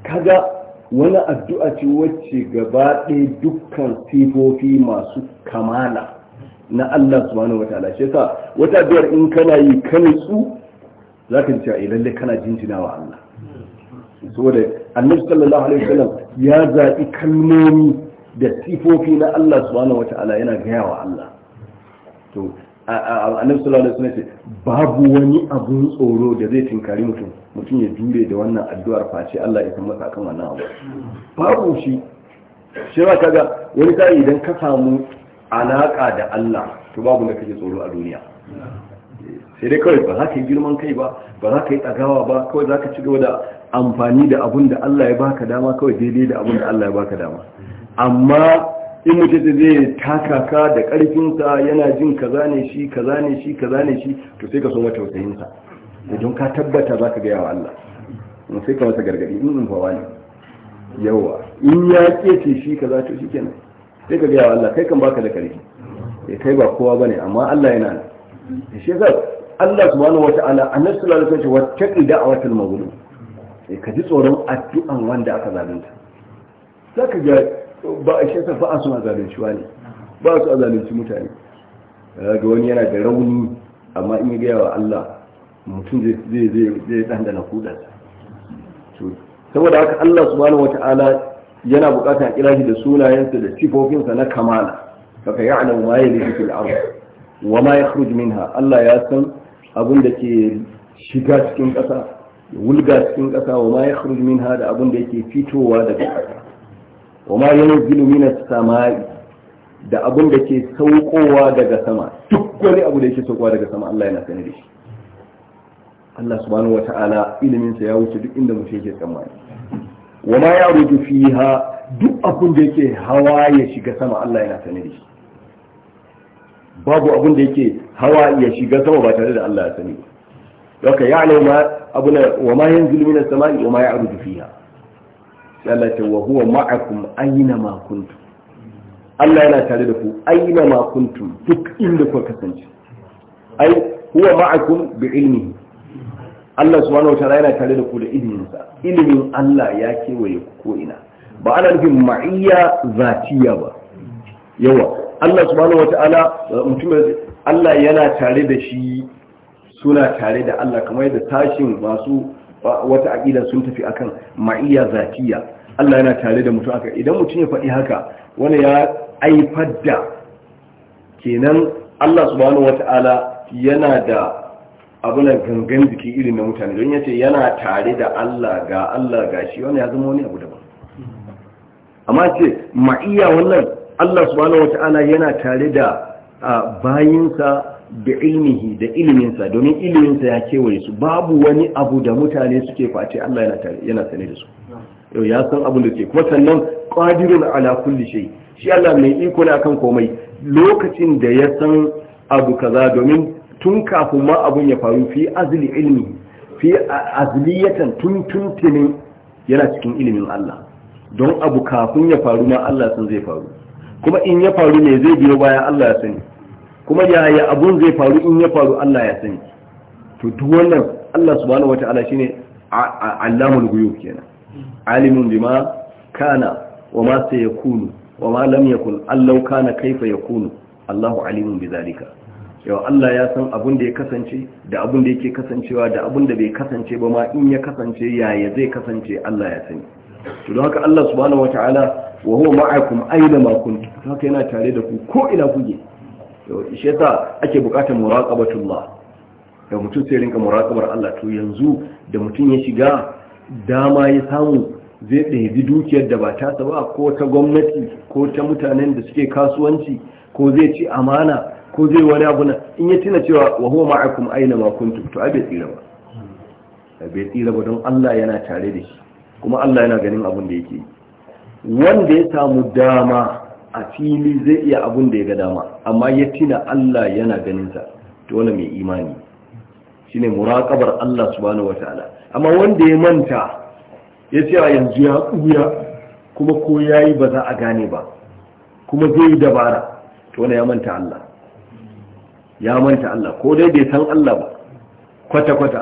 كذا وانا addu'a ce wacce دكا في dukkan ما masu na Allah subhanahu wataala shi yasa wata biyar in kana yi ka nutsu zaka ji a eh, lalle kana wa Allah saboda annabi sallallahu alaihi wasallam ya zaɓi kalmomi da sifofi na Allah subhanahu wataala yana gaya wa Allah to annabi sallallahu alaihi wasallam ce babu wani abun tsoro da zai tinkari mutum mutum ya jure da wannan addu'ar face Allah ya san masa akan wannan abu babu shi shi ba kaga wani kai idan ka samu alaƙa da Allah to babu da kake tsoro a duniya sai dai kawai ba za ka yi girman kai ba ba za ka yi tsagawa ba kawai za ka ci gaba da amfani da abun da Allah ya baka dama kawai daidai da abun da Allah ya baka dama amma in mutum zai taka ka da ƙarfinsa yana jin kaza ne shi kaza ne shi kaza ne shi to sai ka so mata tausayinsa idan ka tabbata za ka gaya wa Allah sai ka masa gargaɗi in in fawa ne yawa in ya ce shi kaza to shi kenan sai ka gaya wa Allah kai kan baka da karfi eh kai ba kowa bane amma Allah yana ne eh, shi yasa Allah subhanahu wataala annabi sallallahu alaihi wasallam wa taqi da'watul mazlum eh ka ji tsoron addu'an wanda aka zalunta ka ga ba a shi yasa ba a suna zalunci wani ba su a zalunci mutane ga wani yana da rauni amma in ya gaya wa Allah mutum zai zai zai dandana kudansa saboda haka Allah subhanahu wataala yana bukatar kira shi da sunayensa da sifofinsa na kamala kaka ya'lamu ma yalidu fil ardh wa ma yakhruj minha Allah ya san abin da ke shiga cikin ƙasa ya wulga cikin ƙasa wa ma yakhruj minha da abin da ke fitowa daga ƙasa wa ma yanzilu minas samai da abin da ke saukowa daga sama duk wani abu da yake saukowa daga sama Allah yana sani da shi Allah subhanahu wata'ala ilimin iliminsa ya wuce duk inda mutum yake tsammani wa ma ya rudu fiha duk abin da yake hawa ya shiga sama Allah yana sane da shi babu abin da yake hawa ya shiga sama ba tare da Allah ya sani ba haka ya alama abuna wa ma yanzilu minas sama'i wa ma ya'rudu fiha Allah ta wa huwa ma'akum aina ma kuntum Allah yana tare da ku aina ma kuntum duk inda kuka kasance ai huwa ma'akum bi ilmihi Allah subhanahu wa ta'ala yana tare da ku da iliminsa ilimin Allah ya kewaye ku ko ina ba ana nufin ma'iyya zatiya ba yawa Allah subhanahu wa ta'ala mutum Allah yana tare da shi suna tare da Allah kamar yadda tashin masu wata aqida sun tafi akan ma'iyya zatiya Allah yana tare da mutum haka idan mutum ya faɗi haka wani ya aifar da kenan Allah subhanahu wa ta'ala yana da abuna gangan jiki irin na mutane don yace yana tare da Allah ga Allah ga shi wannan ya zama wani abu daban amma ce ma'iya wannan Allah subhanahu wata'ala yana tare da bayinsa da ilmihi da iliminsa domin iliminsa ya kewaye su babu wani abu da mutane suke face Allah yana tare yana sane da su yau ya san abin da ke kuma sannan qadirun ala kulli shay shi Allah mai iko ne akan komai lokacin da ya san abu kaza domin tun kafin ma abun ya faru fi azli ilmi fi azliyatan tun tuntunin yana cikin ilimin Allah don abu kafin ya faru ma Allah sun zai faru kuma in ya faru ne zai biyo baya Allah ya sani kuma yaya abun zai faru in ya faru Allah ya sani to duk wannan Allah subhanahu wataala shine allamul ghuyub kenan alimun bima kana wa ma sayakunu ma lam yakun allau kana kaifa yakunu Allahu alimun zalika yau Allah ya san abin da ya kasance da abin da yake kasancewa da abin da bai kasance ba ma in ya kasance yaya zai kasance Allah ya sani to don haka Allah subhanahu wataala wa huwa ma'akum aina ma kuntum haka yana tare da ku ko ina kuke to shi yasa ake bukatar muraqabatullah da mutum sai rinka muraqabar Allah to yanzu da mutum ya shiga dama ya samu zai ɗebi dukiyar da ba ta ba ko ta gwamnati ko ta mutanen da suke kasuwanci ko zai ci amana ko zai wani abu in ya tina cewa wa huwa ma'akum aina ma kuntum to abe tsira ba abe tsira ba don Allah yana tare da shi kuma Allah yana ganin abin da yake wanda ya samu dama a fili zai iya abin da ya ga dama amma ya tuna Allah yana ganin sa to wani mai imani shine muraqabar Allah subhanahu wataala amma wanda ya manta ya ce yanzu ya kuya kuma ko yayi ba za a gane ba kuma zai dabara to wani ya manta Allah ya manta Allah ko dai bai san Allah ba kwata-kwata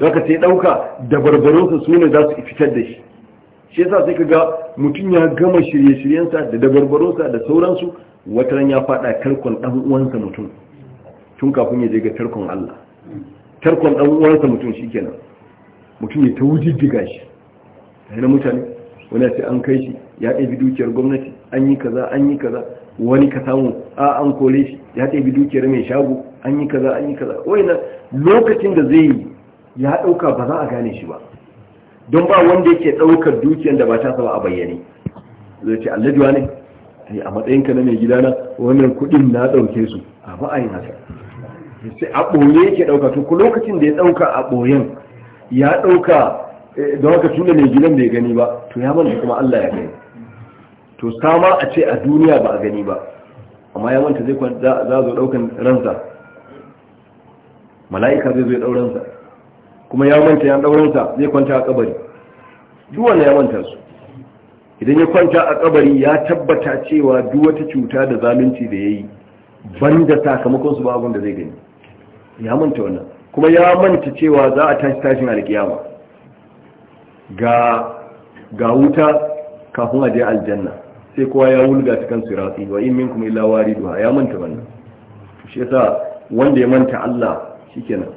zaka sai ɗauka da barbaronsa su ne za su fitar da shi shi yasa sai kaga mutum ya gama shirye-shiryensa da dabarbaronsa da sauransu wata ran ya faɗa tarkon ɗan uwansa mutum tun kafin ya je ga tarkon Allah tarkon ɗan uwansa mutum shikenan mutum ya ta wujijjiga shi na mutane wani sai an kai shi ya ɗabi dukiyar gwamnati an yi kaza an yi kaza wani ka samu a an kore shi ya bi dukiyar mai shago an yi kaza an yi kaza na lokacin da zai ya ɗauka ba za a gane shi ba don ba wanda yake ɗaukar dukiyar da ba ta saba a bayyane zai ce allajuwa ne a matsayin ka na mai gidana wannan kuɗin na ɗauke su a ba a yin haka sai a ɓoye yake ɗauka to ku lokacin da ya ɗauka a ɓoyen ya ɗauka eh, don haka tunda mai gidan bai gani ba to ya manta kuma Allah ya gani to sama a ce a duniya ba a gani ba amma ya manta zai za zo daukan ransa mala'ika zai zo ya dauransa kuma ya manta ya dauransa zai kwanta a kabari duk wannan ya manta su idan ya kwanta a kabari ya tabbata cewa duk wata cuta da zalunci da yayi banda sakamakon su ba abin da zai gani ya manta wannan kuma ya manta cewa za a tashi tashin alkiyama ga ga wuta kafin a je aljanna sai kowa ya wulga cikin kan sirati wa in minkum illa wariduha ya manta wannan shi yasa wanda ya manta Allah shikenan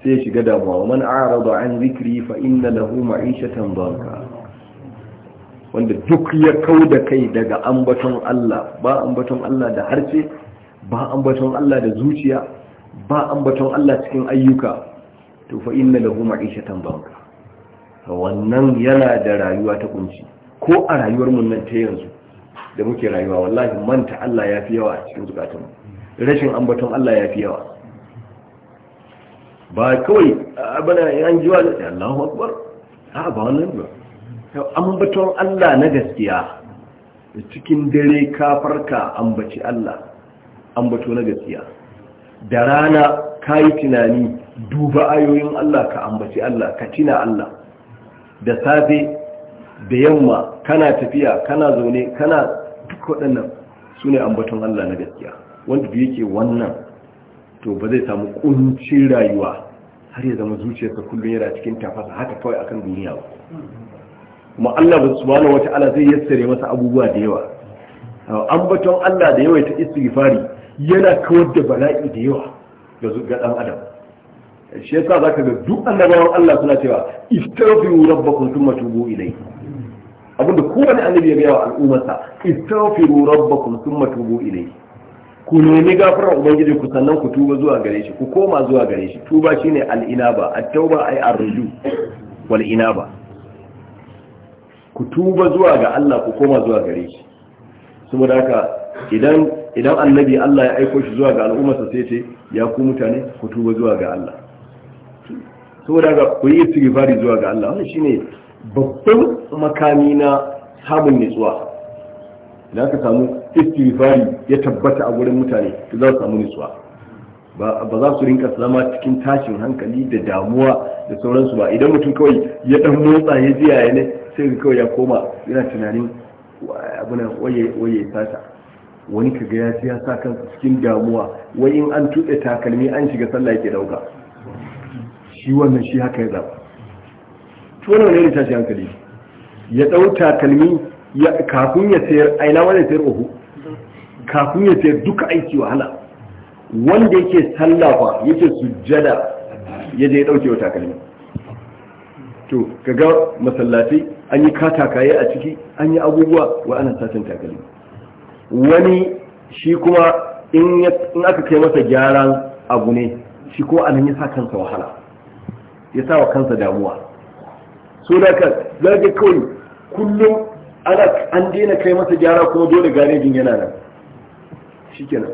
sai ya shiga damuwa man a'rada an zikri fa inna lahu ma'ishatan dhanka wanda duk ya kauda kai daga ambaton Allah ba ambaton Allah da harce ba ambaton Allah da zuciya ba ambaton Allah cikin ayyuka to fa inna lahu ma'ishatan dhanka wannan yana da rayuwa ta kunci ko a rayuwar mun nan ta yanzu da muke rayuwa wallahi manta Allah ya fi yawa a cikin zukatun rashin ambaton Allah ya fi yawa ba kawai abana yan jiwa da Allahu akbar a ba wannan ba ambaton Allah na gaskiya cikin dare ka farka ambaci Allah ambato na gaskiya da rana ka yi tunani duba ayoyin Allah ka ambaci Allah ka tina Allah da safe da yamma kana tafiya kana zaune kana duk waɗannan su ne ambaton Allah na gaskiya wanda da yake wannan to ba zai samu ƙuncin rayuwa har ya zama zuciyarsa kullum yana cikin tafasa haka kawai akan duniya ba kuma Allah wata ala zai yassare masa abubuwa da yawa ambaton Allah da yawa ta istighfari yana kawar da bala'i da yawa ga ɗan adam shi yasa zaka ga duk annabawan Allah suna cewa istaghfiru rabbakum thumma tubu ilayhi abinda kowane annabi ya gaya wa al'ummarsa istaghfiru rabbakum thumma tubu ilayhi ku nemi gafarar ubangiji ku sannan ku tuba zuwa gare shi ku koma zuwa gare shi tuba shine al-inaba at-tauba ay ar-ruju wal inaba ku tuba zuwa ga Allah ku koma zuwa gare shi saboda haka idan idan annabi Allah ya aiko shi zuwa ga al'ummarsa sai ce ya ku mutane ku tuba zuwa ga Allah saboda haka ku yi istighfari zuwa ga Allah wannan shine babban makami na samun nutsuwa da aka samu istighfari ya tabbata a wurin mutane to za su samu nutsuwa ba za su rinka zama cikin tashin hankali da damuwa da sauransu ba idan mutum kawai ya dan motsa ya ji yaya ne sai kawai ya koma yana tunanin abuna waye waye sata wani kaga ya ya sa kansa cikin damuwa wai in an tuɗe takalmi an shiga sallah yake dauka shi wannan shi haka ya zaba to wannan ne tashi hankali ya ɗau takalmi kafin ya sayar aina wani ya sayar uku kafin ya sayar duka aiki wahala wanda yake sallafa yake sujjada ya je ya dauke wa takalmi to kaga masallatai an yi katakaye a ciki an yi abubuwa wa ana satin takalmi wani shi kuma in aka kai masa gyaran abu ne shi kuma anan ya sa kansa wahala ya sa wa kansa damuwa so da ka kawai kullum an daina kai masa gyara kuma dole garejin yana nan shikenan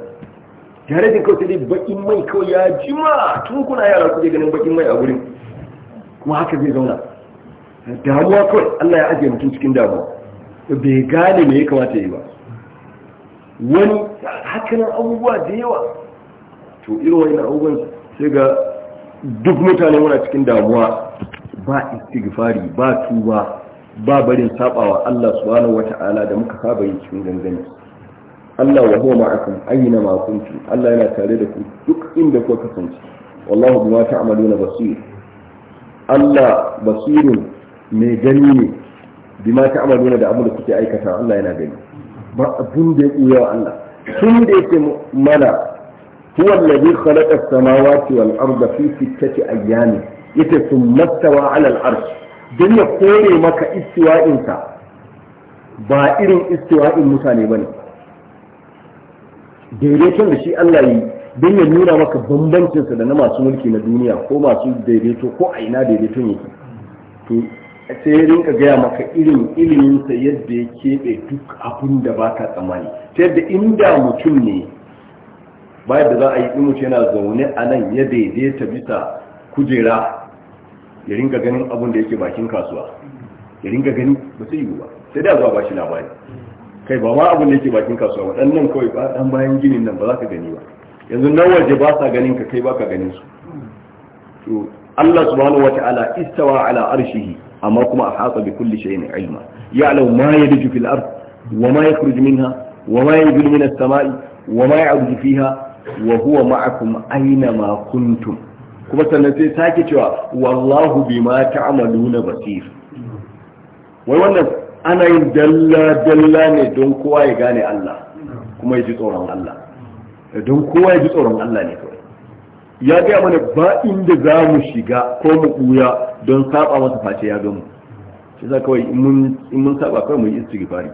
garejin kawai sai dai bakin mai kawai ya jima tun kuna yara kuke ganin bakin mai a wurin. kuma haka zai zauna damuwa kawai Allah ya ajiye mutum cikin damuwa bai gane mai ya kamata yi ba wani hakanan abubuwa da yawa to irin wani abubuwan sai ga duk mutane muna cikin damuwa ba istighfari ba tuba ba barin sabawa Allah subhanahu wata'ala da muka saba yi cikin gangane Allah wa huwa ma'akum ayyina ma kuntum Allah yana tare da ku duk inda ku kasance wallahu bima ta'maluna basir Allah basirun mai gani ne bima ta'maluna da abin da kuke aikata Allah yana gani ba abin da ya kuya wa Allah tun da yake mana huwa alladhi khalaqa as-samawati wal arda fi sittati ayyamin yace sun mastawa alal arsh don ya kore maka istiwa'insa ba irin istiwa'in mutane bane daidaiton da shi Allah yi don ya nuna maka bambancinsa da na masu mulki na duniya ko masu daidaito ko a ina daidaiton yake to sai ya rinka gaya maka irin iliminsa yadda ya keɓe duk abin da ba ka tsammani ta yadda inda mutum ne bayan da za a yi mutum yana zaune a nan ya daidaita bisa kujera ya ringa ganin abun da yake bakin kasuwa ya ringa gani ba su yi ba sai da zuwa ba shi labari kai ba ma abun da yake bakin kasuwa waɗannan kawai ba ɗan bayan ginin nan ba za ka gani ba yanzu nan waje ba sa ganin ka kai ba ka ganin su to Allah subhanahu wata'ala istawa ala arshihi amma kuma a ahata bi kulli shay'in ilma ya'lamu ma yadju fil ard wa ma yakhruju minha wa ma yanzilu min as-sama'i wa ma ya'ruju fiha wa huwa ma'akum aina ma kuntum kuma sannan sai sake cewa wallahu bima ta'maluna basir wai wannan ana yin dalla dalla ne don kowa ya gane Allah kuma ya ji tsoron Allah don kowa ya ji tsoron Allah ne kawai ya gaya mana ba inda za mu shiga ko mu buya don saba masa face ya gamu shi za kawai in mun saba kawai mu yi istighfari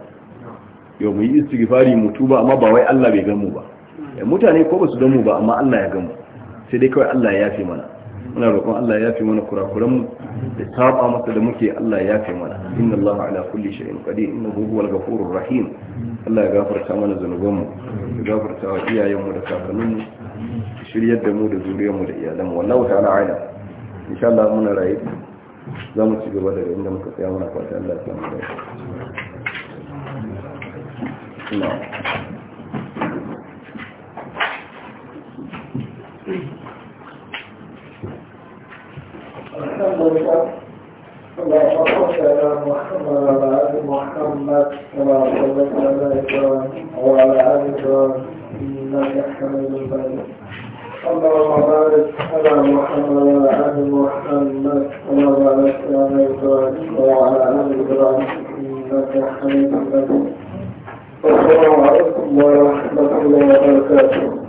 yau mu yi istighfari mu tuba amma ba wai Allah bai gamu ba eh, mutane ko ba su gamu ba amma Allah ya gamu sai dai kawai Allah ya yafe mana muna roƙon Allah ya yafe mana kurakuran mu da saba masa da muke Allah ya yafe mana inna Allah ala kulli shay'in qadir innahu huwal ghafurur rahim Allah ya gafarta mana zanuban mu ya gafarta wa iyayen mu da kakannin mu shiryar da mu da zuriyar mu da iyalan mu wallahu ta'ala ala insha Allah muna rayu za mu ci gaba da inda muka tsaya muna fata Allah ya samu da Thank you. الحمد لله اللهم صل على محمد وعلى ال محمد كما صليت ابراهيم وعلى ال ابراهيم انك حميد مجيد اللهم بارك على وعلى ال محمد كما باركت ابراهيم وعلى ال ابراهيم انك عليكم ورحمه الله وبركاته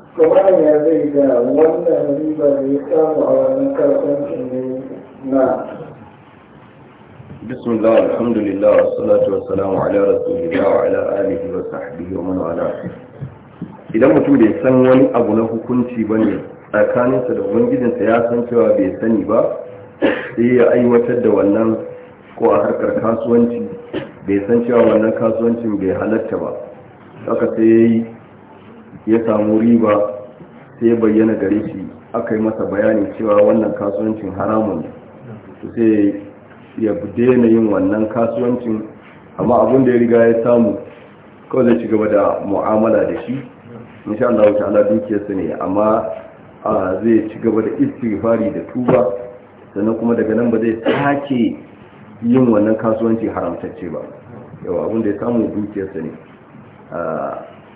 kamar ya zai ga wannan riba da ya samu a wannan na بسم الله والحمد لله والصلاة والسلام على رسول الله وعلى آله وصحبه ومن والاه idan mutum bai san wani abu na hukunci ba ne tsakaninsa da ubangijinsa ya san cewa bai sani ba sai ya aiwatar da wannan ko a harkar kasuwanci bai san cewa wannan kasuwancin bai halatta ba haka sai ya yi ya samu riba sai bayyana gare shi aka yi masa bayanin cewa wannan kasuwancin haramun su sai ya daina yin wannan kasuwancin amma abin da ya riga ya samu kawai zai ci gaba da mu'amala da shi insha Allah ta'ala dukiyarsa ne amma zai ci gaba da istighfari da tuba sannan kuma daga nan ba zai sake yin wannan kasuwanci haramtacce ba yawa abin da ya samu dukiyarsa ne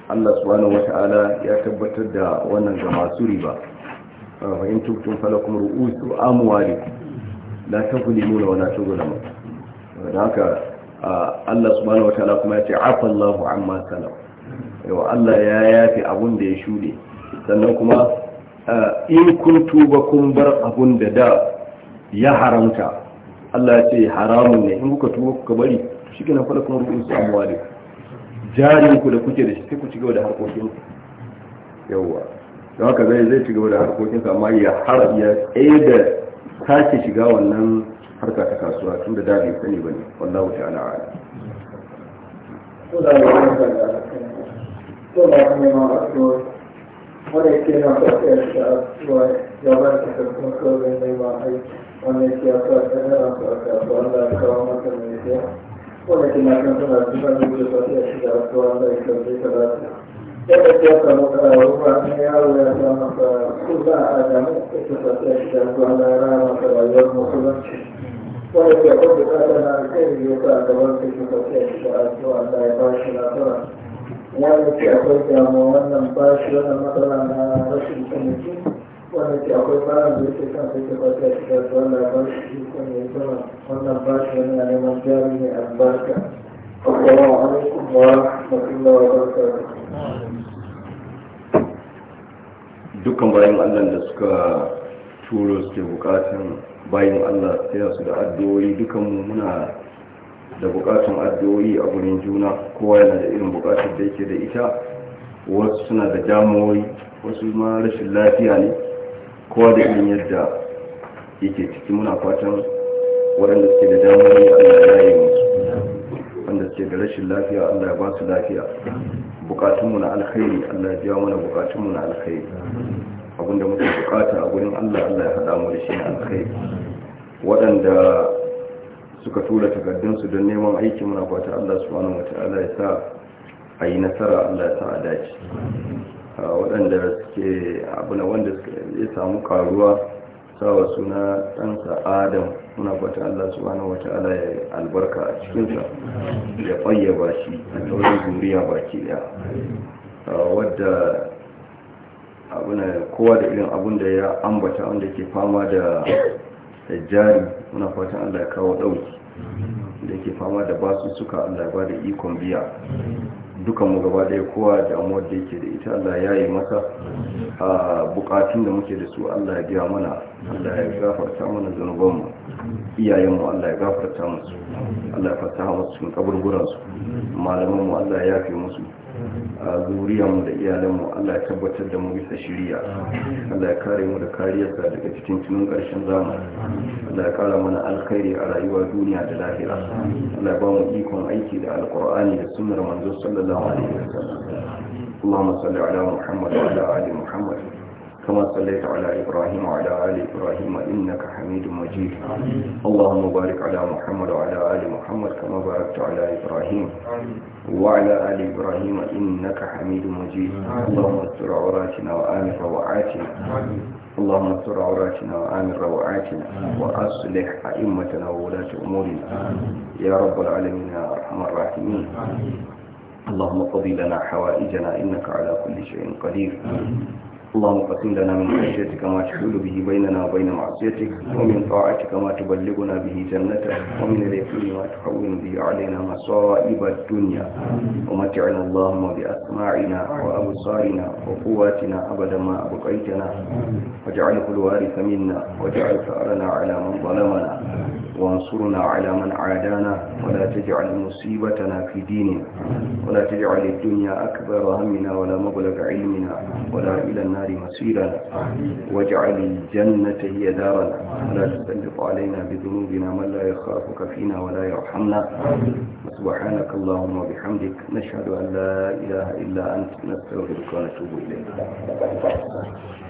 Allah subhanahu wata'ala ya tabbatar da wannan ga masu riba ah, fa in tubtum falakum ru'usu amwalikum la tazlimuna wa la tuzlamun dan haka ah, Allah subhanahu wata'ala kuma ya ce afa Allahu amma salam yau Allah ya yafi abun da ya shude sannan kuma ah, in kun tuba kun bar abun da da ya haramta Allah ya ce haramun ne in kuka tuba kuka bari shi kenan falakum ru'usu amwalikum jarinku da kuke da shi sai ku ci gaba da harkokin yawwa don haka zai zai ci gaba da harkokin amma ya har ya tsaye da sake shiga wannan harka ta kasuwa tun da dabi sani bane wallahu ta'ala to da wannan da da kuma na da ya ba ta kuma kawai ya da da kawo Deve a urmányáról vannak a hozzáállások, és a testet van rának a jogmokodat. Valaki a kodikátánál tényleg a valószínűleg a testet van rá a bársilátalat. Valaki a kodikátánál nem bársilátalat, hanem a bársilátalat, wanda ke akwai tsarin da yake kan sai ta fata shi da zuwa labar shi kan ya zama wannan ba shi yana neman jari mai albarka assalamu alaikum wa rahmatullahi wa barakatuh dukkan bayan allah da suka turo suke bukatan bayan allah sai su da addu'o'i dukkanmu muna da bukatun addu'o'i a gurin juna kowa yana da irin bukatar da yake da ita wasu suna da damuwoyi wasu ma rashin lafiya ne kowa da irin yadda yake ciki muna fatan waɗanda suke da damar yi allah ya yi wanda suke da rashin lafiya allah ya ba su lafiya bukatunmu na alkhairi allah ya biya mana bukatunmu na alkhairi abinda muke bukata a gurin allah allah ya haɗa mu da shi na alkhairi waɗanda suka tura takardunsu don neman aiki muna fata allah subhanahu wa ta'ala ya sa a yi nasara allah ya sa a dace waɗanda suke abuna wanda ya samu karuwa sawa suna ɗansa adam muna bata Allah subhanahu wa ta'ala ya albarka a cikinsa ya ba shi a taurin zuriya baki daya wadda abuna kowa da irin abun da ya ambata wanda ke fama da jari muna fatan Allah ya kawo ɗauki da ke fama da basu suka Allah ba da ikon biya Dukanmu gaba ɗaya kowa da amuwar da yake da ita Allah ya yi masa a bukatun da muke da su Allah ya biya mana Allah ya gafarta mana zanubanmu iyayenmu Allah ya gafarta musu Allah ya fata musu cikin kaburburansu malamanmu Allah ya fi musu a zuriyarmu da iyalanmu Allah ya tabbatar da mu bisa shiriya Allah ya kare mu da kariyarsa daga cikin tunin ƙarshen zamani Allah ya kara mana alkhairi a rayuwa duniya da lahira Allah ya ba mu ikon aiki da alkur'ani da sunnar manzo sallallahu alaihi wasallam اللهم صل على محمد وعلى Ali Muhammad. كما صليت على إبراهيم وعلى آل إبراهيم إنك حميد مجيد اللهم بارك على محمد وعلى آل محمد كما باركت على إبراهيم وعلى آل إبراهيم إنك حميد مجيد اللهم استر عوراتنا وآمن روعاتنا اللهم استر عوراتنا وآمن روعاتنا وأصلح أئمتنا وولاة أمورنا يا رب العالمين يا أرحم الراحمين اللهم قضي لنا حوائجنا إنك على كل شيء قدير اللهم قسم لنا من خشيتك ما تحول به بيننا وبين معصيتك ومن طاعتك ما تبلغنا به جنتك ومن اليقين ما تحول به علينا مصائب الدنيا ومتعنا اللهم بأسماعنا وأبصارنا وقواتنا أبدا ما أبقيتنا واجعله الوارث منا واجعل ثأرنا على من ظلمنا وانصرنا على من عادانا ولا تجعل مصيبتنا في ديننا ولا تجعل الدنيا أكبر همنا ولا مبلغ علمنا ولا إلى النار مسيرنا واجعل الجنة هي دارنا ولا تسلط علينا بذنوبنا من لا يخافك فينا ولا يرحمنا سبحانك اللهم وبحمدك نشهد أن لا إله إلا أنت نستغفرك ونتوب إليك